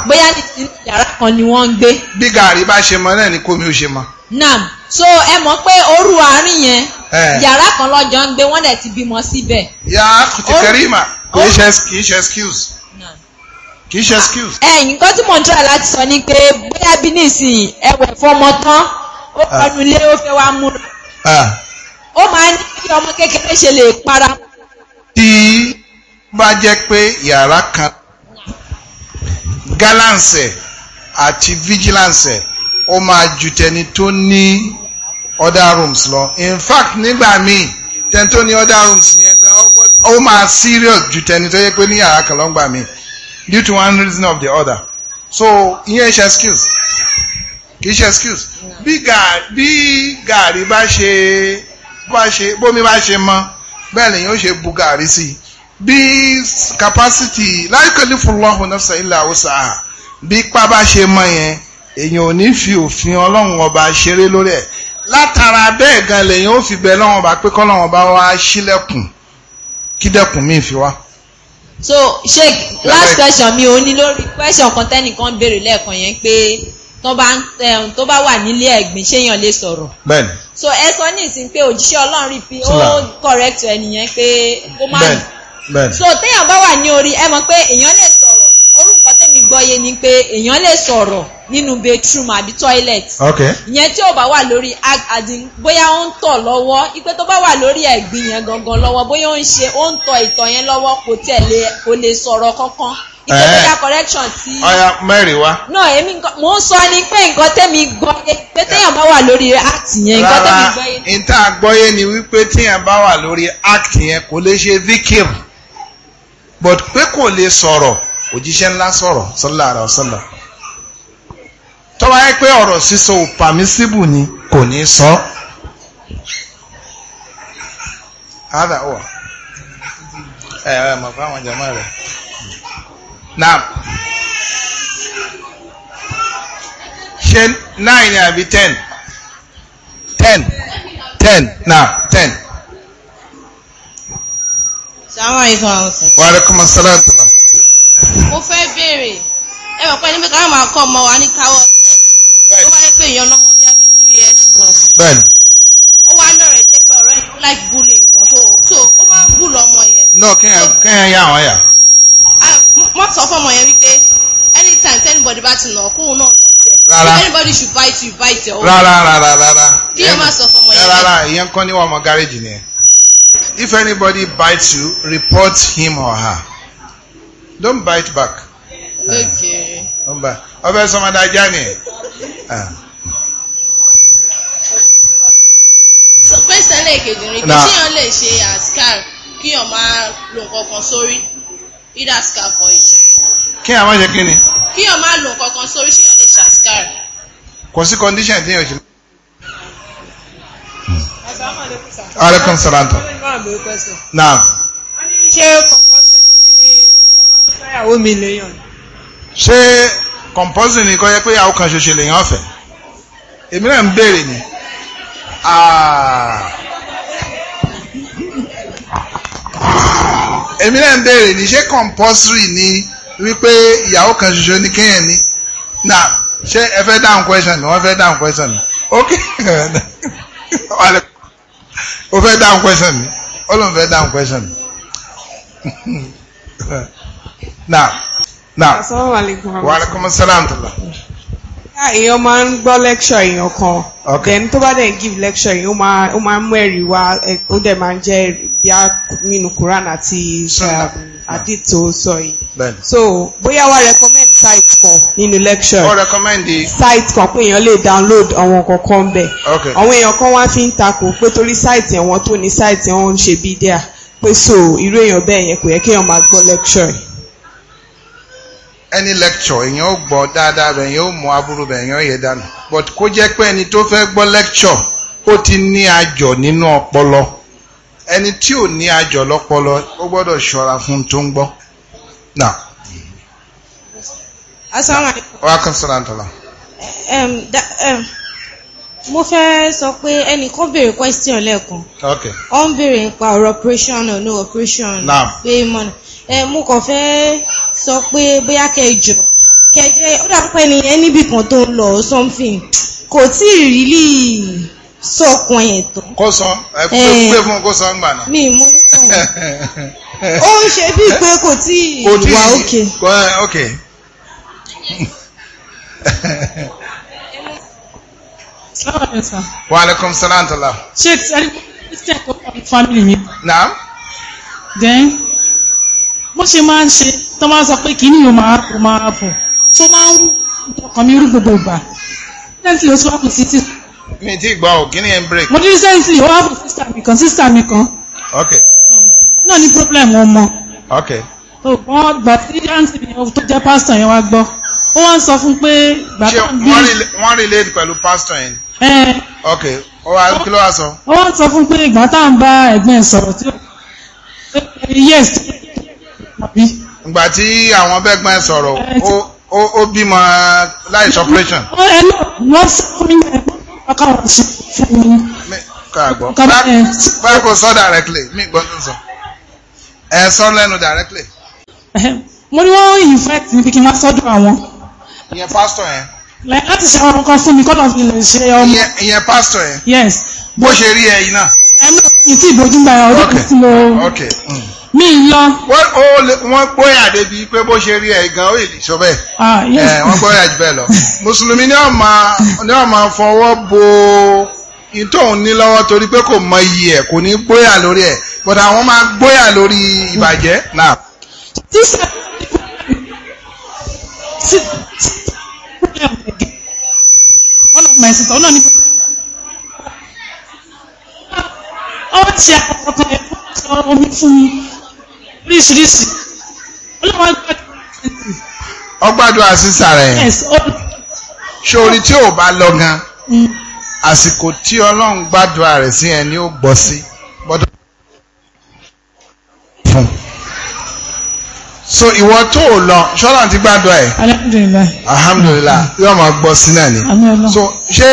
bóyá nìkan yàrá kan ni wọ́n ń gbé. bí gàrí bá ṣe mọ náà ni kómi ó ṣe mọ. nam so ẹ mọ̀ pé òru àárín yẹn eh. yàrá kan lọ́jọ́ ń gbé wọ́n dẹ̀ ti bímọ síbẹ̀. yàrá kùtìkẹ́rì mà kì í ṣe excuse kì í ṣe excuse. Ah, ẹ nǹkan tí mò ń tọ́ láti sọ ni pé bóyá bí nísìnyí ẹwẹ̀ fọmọ tán ó kọnu ah. ilé ó fẹ́ wá múra ah. ó máa ń ní kí ọmọ kékeré ṣe lè para. tí bá jẹ́ pé yàrá kan gálànsẹ̀ àti vigilance ó máa ju tẹni tó ní other rooms lọ in fact nígbà míì tẹni tó ní other rooms ó máa serious ju tẹni tó yẹ pé ní yàrá kan lọ́ngbà mi due to one reason of the other so ìyẹn ṣe skills kìí ṣe skills bí gàrí bá ṣe bá ṣe bómi bá ṣe mọ bẹ́ẹ̀ lèyìn ó ṣe bu gàrí sí i bí capacity la yukallifullahu nafsan illa wus'aha bí pa bá ṣe mọ yẹn èyàn ò ní fi òfin ọlọ́run ọba ṣeré lórí ẹ̀ látara bẹ́ẹ̀ gan lèyìn ó fi bẹ lọ́wọ́n ọba pé kọ́lọ́wọ́n ọba wá sílẹ̀kùn kí mi fi wá. so sheik last question mi ò ní lórí question kan tẹ́nìkan béèrè lẹ́ẹ̀kan yẹn pé tó bá tó bá wà nílé ẹ̀gbìn ṣéyàn lè sọ̀rọ̀. bẹ́ẹ̀ni. so ẹ sọ ní ìsìn pé òjíṣẹ́ ọlọ́run rí pé ó correct ẹnìyẹn pé ó má bẹ́ẹ̀ni bẹ́ẹ̀ni. so téèyàn bá wà ní orí ẹ mọ̀ pé èèyàn lè gbọ́yé ni pé èèyàn lè sọ̀rọ̀ nínú bathroom àbí toilet. ìyẹn tí ò bá wà lórí àdín bóyá ó ń tọ̀ lọ́wọ́ ipe tó bá wà lórí ẹ̀gbin yẹn gangan lọ́wọ́ bóyá ó ń ṣe ó ń tọ̀ ìtọ̀ yẹn lọ́wọ́ kò tẹ̀lé kò lè sọ̀rọ̀ kankan ìpèsè eh. correction ti. ọya mẹ́rin wa. náà èmi mò ń sọ ni pé nǹkan tẹ́mi gbọ́ pé téèyàn bá wà lórí act yẹn nǹkan tẹ́mi gbọ́ yẹn. rárá níta gbọ́yé ni wípé téèyàn bá wà but pé kò lè sọ̀rọ̀ òjíṣẹ́ ńlá sọ̀rọ̀ sọ́lá àrà sọ́lá tó bá yẹ pé ọ̀rọ̀ sísọ ò pàmísíbù ni kò ní sọ. ada ọ ẹ ẹ mọ̀ fún àwọn jàmọ́ rẹ̀ náà ṣe nine àbí ten ten ten náà ten. sàmúlò ìfọwọ́sọ. wàhálà kọ́mọ sálàtàlà mo fẹ́ béèrè ẹ mọ̀ pé ẹni pé káwọn máa kọ́ ọmọ wa ní káwọ́ ọ̀sẹ̀ ó wáyé pé èèyàn lọ́mọ bí a three years old. ó wá náà rẹ̀ jẹ́ pé ọ̀rẹ́ yìí like bullying gan so so ó máa ń bùlọ ọmọ yẹn. náà kéèyàn yá àwọn yà. wọ́n sọ fún ọmọ yẹn wípé anytime anybody bá ti nà kóun náà nà jẹ. rárá if anybody should bite you bite your own. rárá rárá rárá. kí ẹ máa sọ fún ọmọ yẹn. rárá ìyẹn kọ́ ni wọ́n ọmọ gáréjì nìyẹn. if anybody bites you report him or her don't bite back. Ah. ọbẹ̀ sọmọdé ajá ni. pẹ́sẹ̀ lẹ́ẹ̀kejì rẹ̀ kí tíyàn lè ṣe àṣkàr kí yàn máa lo nǹkan kan sórí either scarf or ìjà. kí yàn máa ṣe kí ni. kí yàn máa lo nǹkan kan sórí ṣé yàn lè ṣe àṣkàr. kò sí condition tí yàn ṣe. aleykum salaam. naam fẹ́yàwó mi lèèyàn. ṣé compulsory ni kò yẹ pé àwọn kan ṣoṣo lèèyàn ọ̀fẹ́ èmi náà ń béèrè ni ah. èmi náà ń béèrè ni ṣé compulsory ni wípé ìyàwó kan ṣoṣo ni kéèyàn ni na ṣé ẹ fẹ́ dáhùn question ni wọ́n fẹ́ dáhùn question ni ok o fẹ́ dáhùn question ni olóhùn fẹ́ dáhùn question ni. náà náà wa alaikum salam tala. Ah, èèyàn máa ń gbọ́ lecture èèyàn kan then tó bá dẹ̀ give lecture yìí ó máa ń mú ẹ̀rí wá ó dẹ̀ máa ń jẹ́ bíá nínú Quran àti um, hadith sọ yìí so bóyá wá recommend site kan nínú lecture ó recommend site kan pé èèyàn lè download àwọn kankan bẹ̀ àwọn èèyàn kan wá fi ń takò pé torí site yẹn wọ́n tó ní site yẹn wọ́n ń ṣe bí díà pé so irú èèyàn bẹ́ẹ̀ yẹn kò yẹ kéèyàn máa gbọ́ lecture yìí. any lecture èèyàn ó gbọ́ dáadáa bẹ̀ èèyàn ó mọ aburú bẹ̀ èèyàn ó yẹ dànù but kó jẹ́ pé ẹni tó fẹ́ gbọ́ lecture ó ti ní àjọ nínú ọpọlọ ẹni tí ò ní àjọ lọ́pọlọ ó gbọ́dọ̀ ṣọ́ra fún tó ń gbọ́. Assalamu Wa alaikum salaam. mo fẹ́ sọ pé ẹnìkan béèrè question lẹ́ẹ̀kan ó ń béèrè nípa ọ̀rọ̀ operation or no operation pé mọ̀nà ẹ mo kàn fẹ́ sọ pé bóyá kẹjọ kẹjẹ ó dà pẹ́ ni ẹ níbì kan tó ń lọ or something kò tí ì rílì sọkun ẹ̀ tó. kó sọ ẹ pé eh. fún kó sọ gbà náà. mi mú tán ó ń ṣe bíi pé kò tí ì wà ókè. wa alaikum salam tala. sheikh ẹni family yẹn. naam. then bó ṣe máa ń ṣe tó máa sọ pé kìíní yóò máa kó máa bọ̀ tó máa ń ọkàn mi rú gbogbo ìgbà sẹ́ńtì ló sọ́kù sí tí. mi ti gbọ́ ò kíní ẹ̀ ń break. mo ní sẹ́ńtì ó wá fún sísà mi kan sísà mi kan. ok. náà ní problem wọn mọ. ok. ògbọ́n gbàtí àǹtí mi tó jẹ́ pásítọ̀ yẹn wá gbọ́ ó wá ń sọ fún pé bàbá ń bí. wọ́n relate pẹ̀lú pastor yẹn. ok ó wá kí ló wá sọ. ó wá ń sọ fún pé ìgbà tá à ń bá ẹ̀gbọ́n ẹ̀ sọ̀rọ̀ tí ó yes. ìgbà tí àwọn bẹ́gbọ́n ẹ̀ sọ̀rọ̀ ó bímọ láìsí operation. ẹ náà wọ́n sọ fún mi ẹ̀gbọ́n ọkọ̀ wọn sí fún mi. kàgbọ́ báyìí kò sọ directly mi gbọ́n tó sọ ẹ sọ lẹ́nu directly. mo ní wọ́n infect ní kí n wá sọ́dọ̀ àwọn ìyẹn pásítọ̀ eh? Like that is kan fún mi kọ́dọ̀ mi lè ṣe ọmọ. Um, ìyẹn pásítọ̀ eh? yes. bó ṣe rí ẹyin náà. ẹ náà mi ti ìbòjú gba ẹ ọdún kan sí mo. ok mm. mi lọ. wọ́n gbóyà débi pé bó ṣe rí ẹ gan ó lè sọ bẹ́ẹ̀. ah yes. Eh, wọ́n gbóyà jù bẹ́ẹ̀ lọ. mùsùlùmí ni wọ́n máa fọwọ́ bo ìtòun ní lọ́wọ́ torí pé kò mọ iye ẹ̀ kò ní gbóyà lórí ẹ̀ but àwọn máa gbóyà lórí ìbàjẹ́ náà one of my sister ọlọ́ọ̀ni ọwọ́ ṣe àkọ́kọ́ ẹ̀kọ́ sọ omi fún mi oríṣiríṣi ọlọ́wọ́ gbàdúrà ọgbàdúrà sísà rẹ̀ ṣòrí tí ò bá lọ gan mm. àsìkò tí ọlọ́run gbàdúrà rẹ̀ sí ẹni ó gbọ́ sí gbọ́dọ̀ fún un so ìwọ tó o lọ ṣọ́lá ti gbádùn ẹ̀. alhamdulilayi. alhamdulilayi yóò máa gbọ́ sí náà ni. so ṣé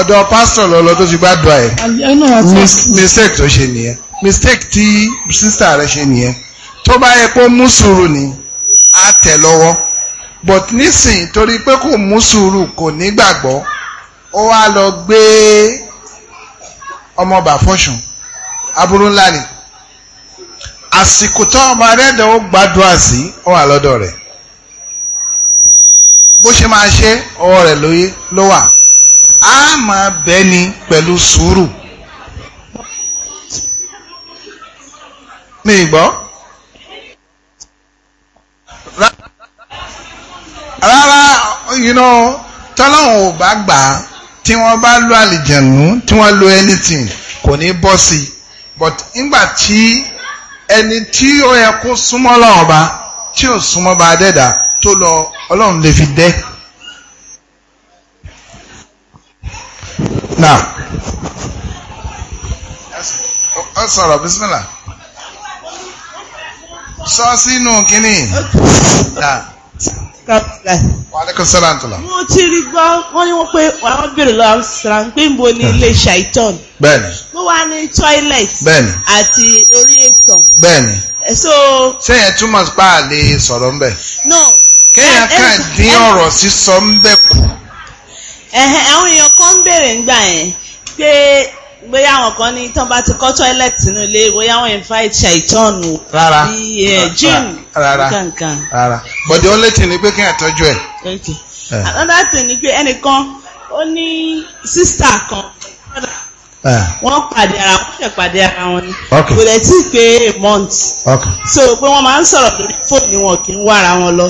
ọ̀dọ̀ pásítọ̀ lọ́lọ́ tó ti gbádùn ẹ̀. mistake tó ṣe nìyẹn mistake tí sísá rẹ ṣe nìyẹn tó bá yẹ kó mú sùúrù ni á tẹ̀ lọ́wọ́ but nísìn torí pé kò mú sùúrù kò nígbàgbọ́ ó wá lọ gbé ọmọ bàfọ́sùn aburú ńlá ni àsìkò tó ọmọ ẹlẹ́dẹ̀ ó gbàdúrà sí ó wà lọ́dọ̀ rẹ̀ bó ṣe máa ṣe ọwọ́ rẹ̀ lóye ló wà á máa bẹ́ ni pẹ̀lú sùúrù mi gbọ́ rárá you know tọ́lọ́hún ò bá gbà á tí wọ́n bá lo àlìjẹ̀nú tí wọ́n lo anything kò ní bọ́ sí but nígbà tí ẹni tí ó yẹ kó súnmọ́ ọlọ́run ọba tí ò súnmọ́ bá dẹ́dà tó lọ ọlọ́run lè fi dẹ́. now ọ sọ̀rọ̀ bísímìlà sọ sínú kínní wọ́n ti rí gbọ́ wọ́n ní wọ́n pé àwọn béèrè lọ́wọ́ sàn pé ń bo ní ilé ṣàìtàn. bẹ́ẹ̀ni. mo wà ní toilet. bẹ́ẹ̀ni. àti orí ìtàn. bẹ́ẹ̀ni. Eh, so. sẹ́yìn túmọ̀ pa àlè sọ̀rọ̀ ń bẹ̀. no. kéèyàn eh, kàn dín eh, ọ̀rọ̀ sísọ ń bẹ̀ kù. àwọn èèyàn kan ń béèrè ńgbà yẹn pé bóyá àwọn kan ní tán bá ti kọ́ toilet nínú ilé bóyá wọ́n invite ṣàìtọ́nù bí jim eh, kankan. rárá bọ̀dé ó létí ni pé kí ẹ̀ tọ́jú ẹ̀. Eh. another thing ni pé ẹnìkan ó ní sísítà kan eh. wọ́n pàdé ara wọ́n ṣe pàdé ara wọn ni kò lè tí pé a month so pé wọ́n máa ń sọ̀rọ̀ lórí fóònù wọn kì í wá ara wọn lọ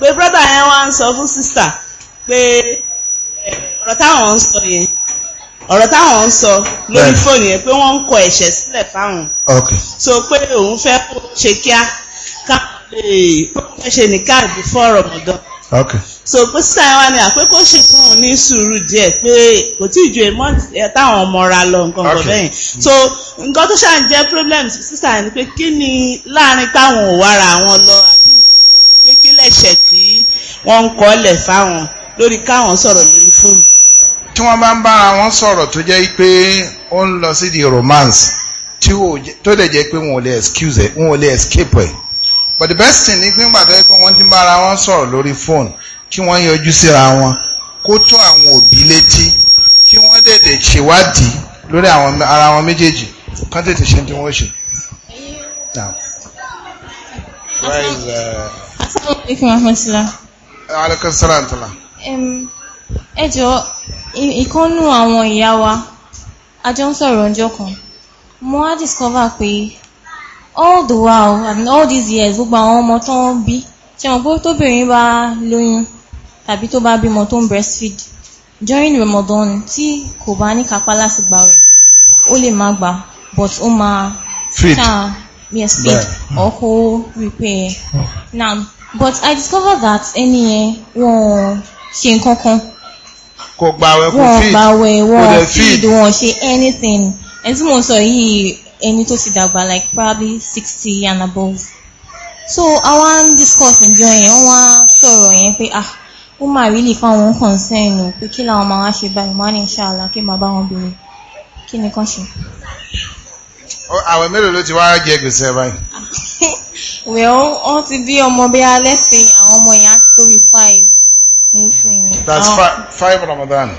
pé brother yẹn wá ń sọ fún sísítà pé ọ̀rọ̀ táwọn ń sọ yẹn ọ̀rọ̀ táwọn ń sọ lórí fóònù yẹn pé wọ́n ń kọ ẹ̀ṣẹ̀ sílẹ̀ fáwọn. so pé òun fẹ́ kó ṣe kíá káwọn lè fẹ́ ṣe nìkan before Ramadan. so pé sísan wa ni àpékò ṣe fún òun ní sùúrù díẹ̀ pé kò tí ì ju èèmọ́ táwọn ọmọ ra lọ nǹkan kan bẹ́yìn. so nǹkan tó ṣáà ń jẹ́ problem sísan ni pé kí ni láàrin táwọn ò wára àwọn lọ àbí nǹkan kan kékeré ẹ̀ṣẹ̀ tí wọ́n ń kọ́ lẹ̀ fáwọn lórí káwọn sọ̀rọ̀ lórí fóònù tí wọ́n bá ń bára wọn sọ̀rọ̀ tó jẹ́ pé ó ń lọ sí di romance tí tó dẹ̀ jẹ́ pé wọn lè excuse ẹ̀ wọn lè escape ẹ̀ but the best thing ni pé ńgbà tó yẹ pé wọ́n ti ń bára wọn sọ̀rọ̀ lórí phone kí wọ́n yọjú síra wọn kó tó àwọn òbí létí kí wọ́n dẹ̀dẹ̀ ṣèwádìí lórí ara wọn méjèèjì kán tètè ṣe tí wọ́n ṣe. Uh, um, ẹ jọ̀ọ́ ìkánnú àwọn ìyá wa a ọjọ́ kan mo wá discover pé all the while and all these years gbogbo àwọn ọmọ tó ń bí tí wọn gbọ́ tóbìnrin bá lóyún tàbí tó bá bímọ tó ń breastfeed during Ramadan tí kò bá ní kápá láti gbà rẹ̀ ó lè má gbà but ó máa ṣáà yes feed or repair now but I discover that ẹni yẹn wọ́n ṣe nǹkan kan kò gbàwẹ̀ kò feed kò dẹ̀ feed wọn ṣe anything ẹni tí mo sọ yìí ẹni tó ti dàgbà like probably sixty and above so I àwọn discourse ǹjọ́ yẹn wọ́n wá sọ̀rọ̀ yẹn pé ah ó mà really fáwọn concern o pé kí làwọn máa wá ṣe báyìí wọ́n á ní ṣáàlà kí màá bá wọn bèrè kí ni kàn ṣe. àwẹ̀ mélòó ló ti wá jẹ gbèsè báyìí. well wọ́n ti bí ọmọ bí alẹ́ sí àwọn ọmọ yẹn á ti tóbi five That's oh. five, five Ramadan.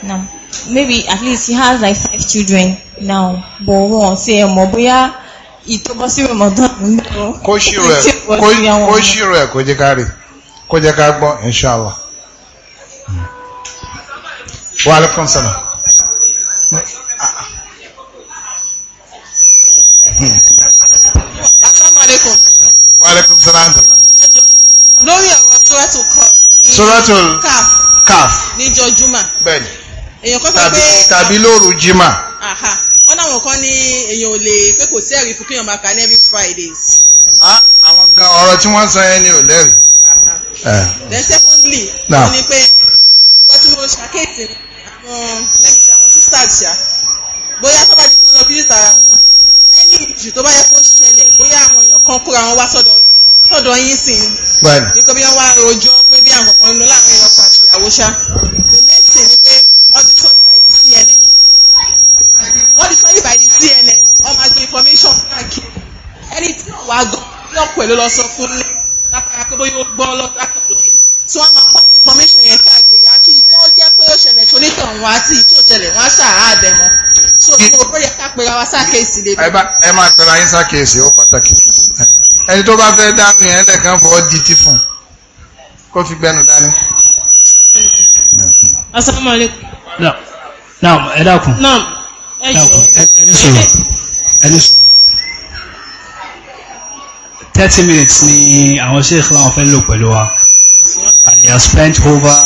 No. Maybe at least he has like five children now. But wọ́n ṣe mọ̀ bóyá ìtọ́bọ́ sí Ramadan ń bọ̀. Kó ṣírò ẹ̀ kó ṣírò inshallah. Hmm. Wa alaikum salaam. Assalamu alaikum. Wa alaikum salaam. Lórí àwọn tó kan suratul kaf níjọ́ juma bẹ́ẹ̀ni èèyàn kan sọ pé tàbí lóru jima wọ́n láwọn kan ní èèyàn ò lè pé kò sí ẹ̀rí fún máa kà ní every fridays. Ah, àwọn gan ọ̀rọ̀ tí wọ́n sọ yẹn ni ò lẹ́rìí. Eh. then secondly wọ́n ní pé nǹkan tí mo ṣàkéètì àwọn lẹ́yìn tí àwọn sisters ṣá bóyá sábàdí kan lọ bí ìtara wọn any issue tó bá yẹ kó ṣe kan kóra wọn wá sọ́dọ̀ sọ́dọ̀ yín sí i. bẹ́ẹ̀ni. nípa bí wọ́n wá rojọ́ pé bí àwọn kan lọ láàrin ọkọ àti ìyàwó ṣá. the next thing ni pé wọ́n ti sọ́yìn by the CNN. wọ́n ti sọ́yìn by the CNN wọ́n máa ṣe information káàkiri. ẹni tí wọ́n wá gan lọ́pọ̀ èlò lọ sọ fún lẹ́ látara pé bóyá ó gbọ́ lọ́dọ̀ tí wọ́n máa pass information yẹn káàkiri àti ìtọ́ jẹ́ pé ó ṣẹlẹ̀ sónítàn wá sí ìtí ò ṣẹlẹ̀ wọ́n á ṣàhádẹ́ mọ́ so ní mo bẹ̀rẹ̀ ká pera wa sákèsì lè. ẹ máa tọ́ra yín sákèsì ó pàtàkì ẹni tó bá fẹ́ dánú yẹn lẹ́ẹ̀kan fọ́ di ti fún kó fi gbẹnu dání. asalaamualeykum. ẹ dákun. ẹni sọ̀rọ̀ ẹni sọ̀rọ̀ thirty minutes ni àwọn sheikh láwọn fẹ́ lò pẹ̀lú wa and they have spent over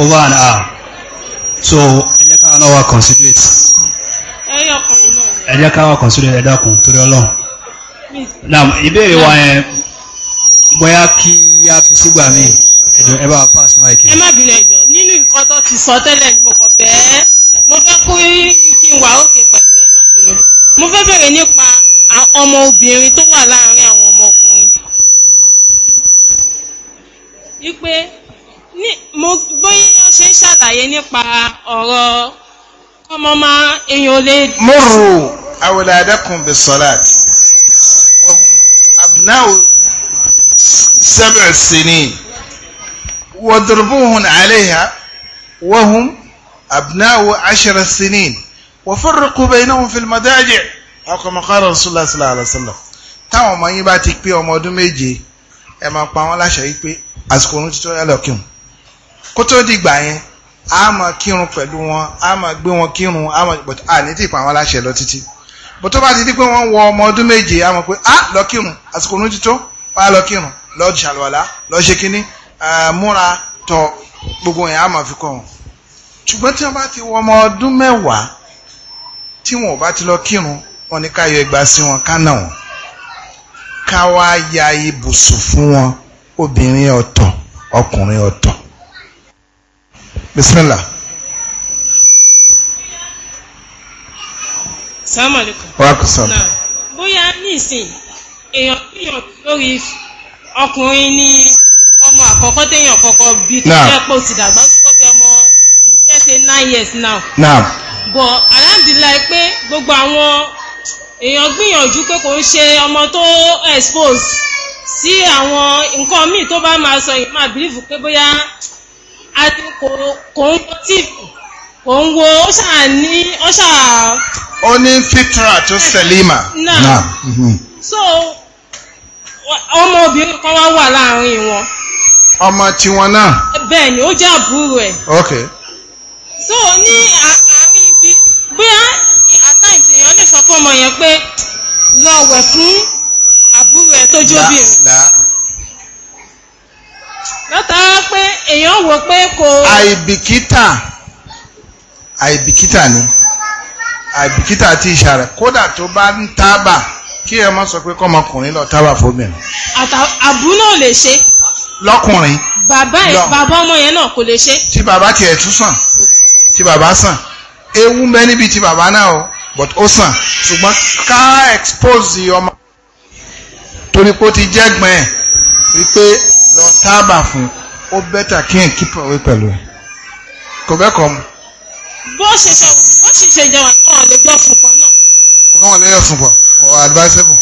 over an hour so ẹ jẹ́ káwọn náà wá considerate ẹ jẹ́ káwọn considerate ẹ dákun torí ọlọ́run. Naam, ìbéèrè wa yẹn bóyá kí a fi sígbà mi ẹjọ ẹ bá pass mic. ẹ má bìrẹ̀ ẹjọ nínú nǹkan tó ti sọ tẹ́lẹ̀ ni mo kàn fẹ́ mo fẹ́ kó kí n wà òkè pẹ̀lú ẹ má bìrẹ̀ mo fẹ́ bẹ̀rẹ̀ nípa ọmọ obìnrin tó wà láàárín àwọn ọmọkùnrin. wípé mo bóyá ṣe ń ṣàlàyé nípa ọ̀rọ̀ ọmọ máa èèyàn lè. mo rò àwòlẹ̀ adẹ́kùn bẹ̀ sọ́láàtì now سبع سنين واضربوهن عليها وهم أبناء عشر سنين وفرقوا بينهم في المضاجع أو كما قال رسول الله صلى الله عليه وسلم táwọn ọmọ yín bá ti pé ọmọ ọdún méje ẹ máa pa wọn láṣẹ yìí pé àsìkò oorun títọ́ yálẹ̀ kírun kó tó di ìgbà yẹn a máa kírun pẹ̀lú wọn a máa gbé wọn kírun a máa but a ní tí pa wọn láṣẹ lọ títí bó tó bá ti di pé wọ́n wọ ọmọ ọdún méje a mọ̀ pé ah lọ kírun àsìkò oorun ti tó wá lọ kírun lọ ṣàlùwàlá lọ ṣe kínní múra tọ gbogbo yẹn a máa fi kọ́ wọn. ṣùgbọ́n tí wọ́n bá ti wọ ọmọ ọdún mẹ́wàá tí wọn bá ti lọ wọn ní ká yọ ẹgbàá sí wọn ká nà wọn ká wá ya ibùsùn fún wọn obìnrin ọ̀tọ̀ ọkùnrin ọ̀tọ̀. bismillah. sàmàlìkù. wàkùsàn. bóyá nísìn èèyàn gbìyànjú lórí ọkùnrin ní ọmọ àkọ́kọ́ téèyàn kọ́kọ́ bí tó jẹ́ pé ó ti dàgbà ó ti kọ́ bí ọmọ let's say nine years now. now. but alhamdulilayi pé gbogbo àwọn èèyàn gbìyànjú pé kò ń ṣe ọmọ tó expose sí àwọn nǹkan míì tó bá máa sọ yìí máa bìlífù pé bóyá kò ń wo tíìfù kò ń wo ó ṣáà ní ó ṣáà Onye ní selima. naam mm-hmm. so kan wá wà láàrin wọn. ọmọ tiwọn náà. bẹ́ẹ̀ ni ó jẹ́ àbúrò ẹ̀. ok. so ní àárín ibi bóyá àtàǹtì èèyàn lè sọ fún ọmọ yẹn pé lọ wẹ̀ fún àbúrò ẹ̀ tó jóbìnrin. látara pé èèyàn wò pé kò. àìbìkítà àìbìkítà ni. àìbìkítà àti ìṣàrẹ̀ kódà tó bá ń tábà kí ẹ má sọ pé kọ́mọkùnrin lọ tábà fóbìnrin. àbúrò náà lè ṣe. lọkùnrin. bàbá ẹ bàbá ọmọ yẹn náà kò lè ṣe. tí bàbá tiẹ̀ tún sàn tí bàbá sàn ewu ń níbi tí bàbá náà o but ó sàn ṣùgbọ́n ká expose ọmọ torí pé ó ti jẹ́gbọ́n ẹ̀ wípé lọ tábà fún ó bẹ́tà kí n keep away pẹ̀lú ẹ̀ kò bẹ́ẹ̀ kọ́ mu. bó ṣe sọ wọ́n sì ṣe ìjọba kí wọ́n lè jọ sùn pọ̀ náà. kò kí wọ́n lè jọ sùn pọ̀ kò advisable.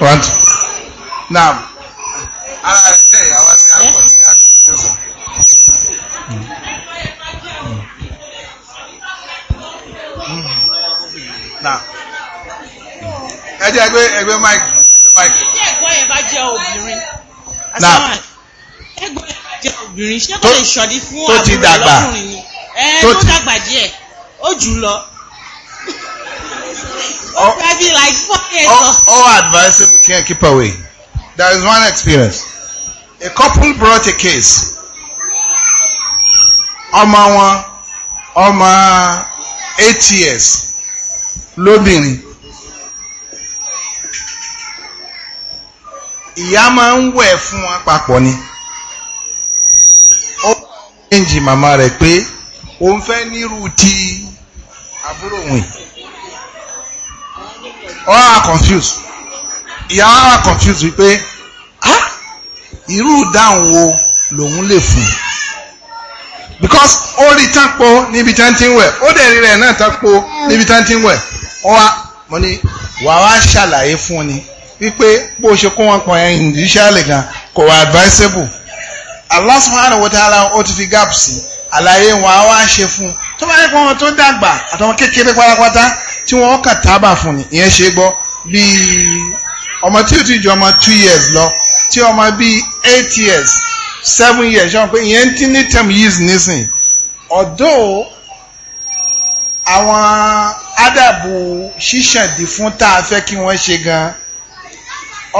one now ara rẹ̀ tẹ̀ ìyá wá sí akọ ní akọ ní ọ̀sán. now ẹ jẹ́ ẹgbẹ́ ẹgbẹ́ mike ẹgbẹ́ mike. ṣé ẹ̀gbọ́n yẹn bá jẹ́ obìnrin? now ẹ̀gbọ́n yẹn bá jẹ́ obìnrin ṣé kò lè ṣọ̀dí fún àbúrò lọ́kùnrin yìí? ẹ ló dàgbà díẹ̀ ó jù lọ ó fẹ́ bí like four years old. all advisable can keep away there is one experience a couple brought a case ọmọ wọn ọmọ eight years lóbìnrin ìyá máa ń wẹ̀ fún wọn papọ̀ ni ó ń jì màmá rẹ̀ pé òun fẹ́ nírú ti àbúrò òun ọ á confuse ìyá á confuse wípé irú ìdáhùn wo lòun lè fún because ó rí tápó níbi tá ti ń wẹ̀ ó dẹ̀ rí rẹ̀ náà tápó níbi tá ti ń wẹ̀ ọ wá mo ní wàá wá ṣàlàyé fún ni wípé bó ṣe kó wọn pọ̀ yẹn ìdíṣẹ́ àlè gan kò wá advisable Allah subhanahu wa ta'ala ó ti fi gap sí àlàyé wọn á wá ṣe fún un tó bá yẹ kó wọn tó dàgbà àtàwọn kékeré pátápátá tí wọn kà tábà fún ni ìyẹn ṣe gbọ́ bíi ọmọ tí ó ti ju ọmọ two years lọ tí ọmọ bíi eight years seven years ṣọ́n pé ìyẹn ti ní ten years nísìn ọ̀dọ́ àwọn ádàbò ṣíṣàndì fún tá a fẹ́ kí wọ́n ṣe gan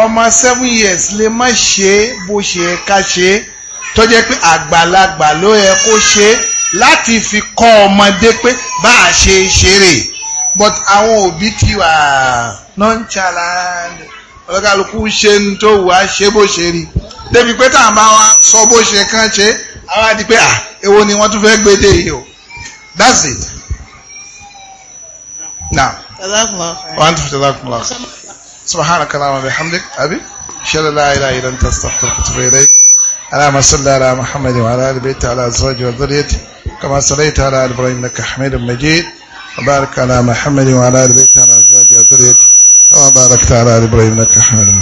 ọmọ seven years lè má ṣe bó ṣe ká ṣe é tó jẹ́ pé àgbàlagbà ló yẹ kó ṣe láti fi kọ́ ọmọdé pé bá a ṣe ṣeré but àwọn òbí ti wà nonchalant ọlọ́kàlùkù ṣe ń tó wà ṣe bó ṣe rí débi pé tàn bá wa sọ bó ṣe kàn ṣe àwa di pé à èwo ni wọ́n tún fẹ́ gbé dé yìí o that's it. now one two three subhanaka allahumma bihamdik abi shalala ilaha illa anta astaghfiruka wa atubu ilayk اللهم صل على محمد وعلى ال بيته وعلى ازواجه وذريته كما صليت على ال ابراهيم انك حميد مجيد وبارك على محمد وعلى ال بيته وعلى ازواجه وذريته كما باركت على ال ابراهيم انك حميد مجيد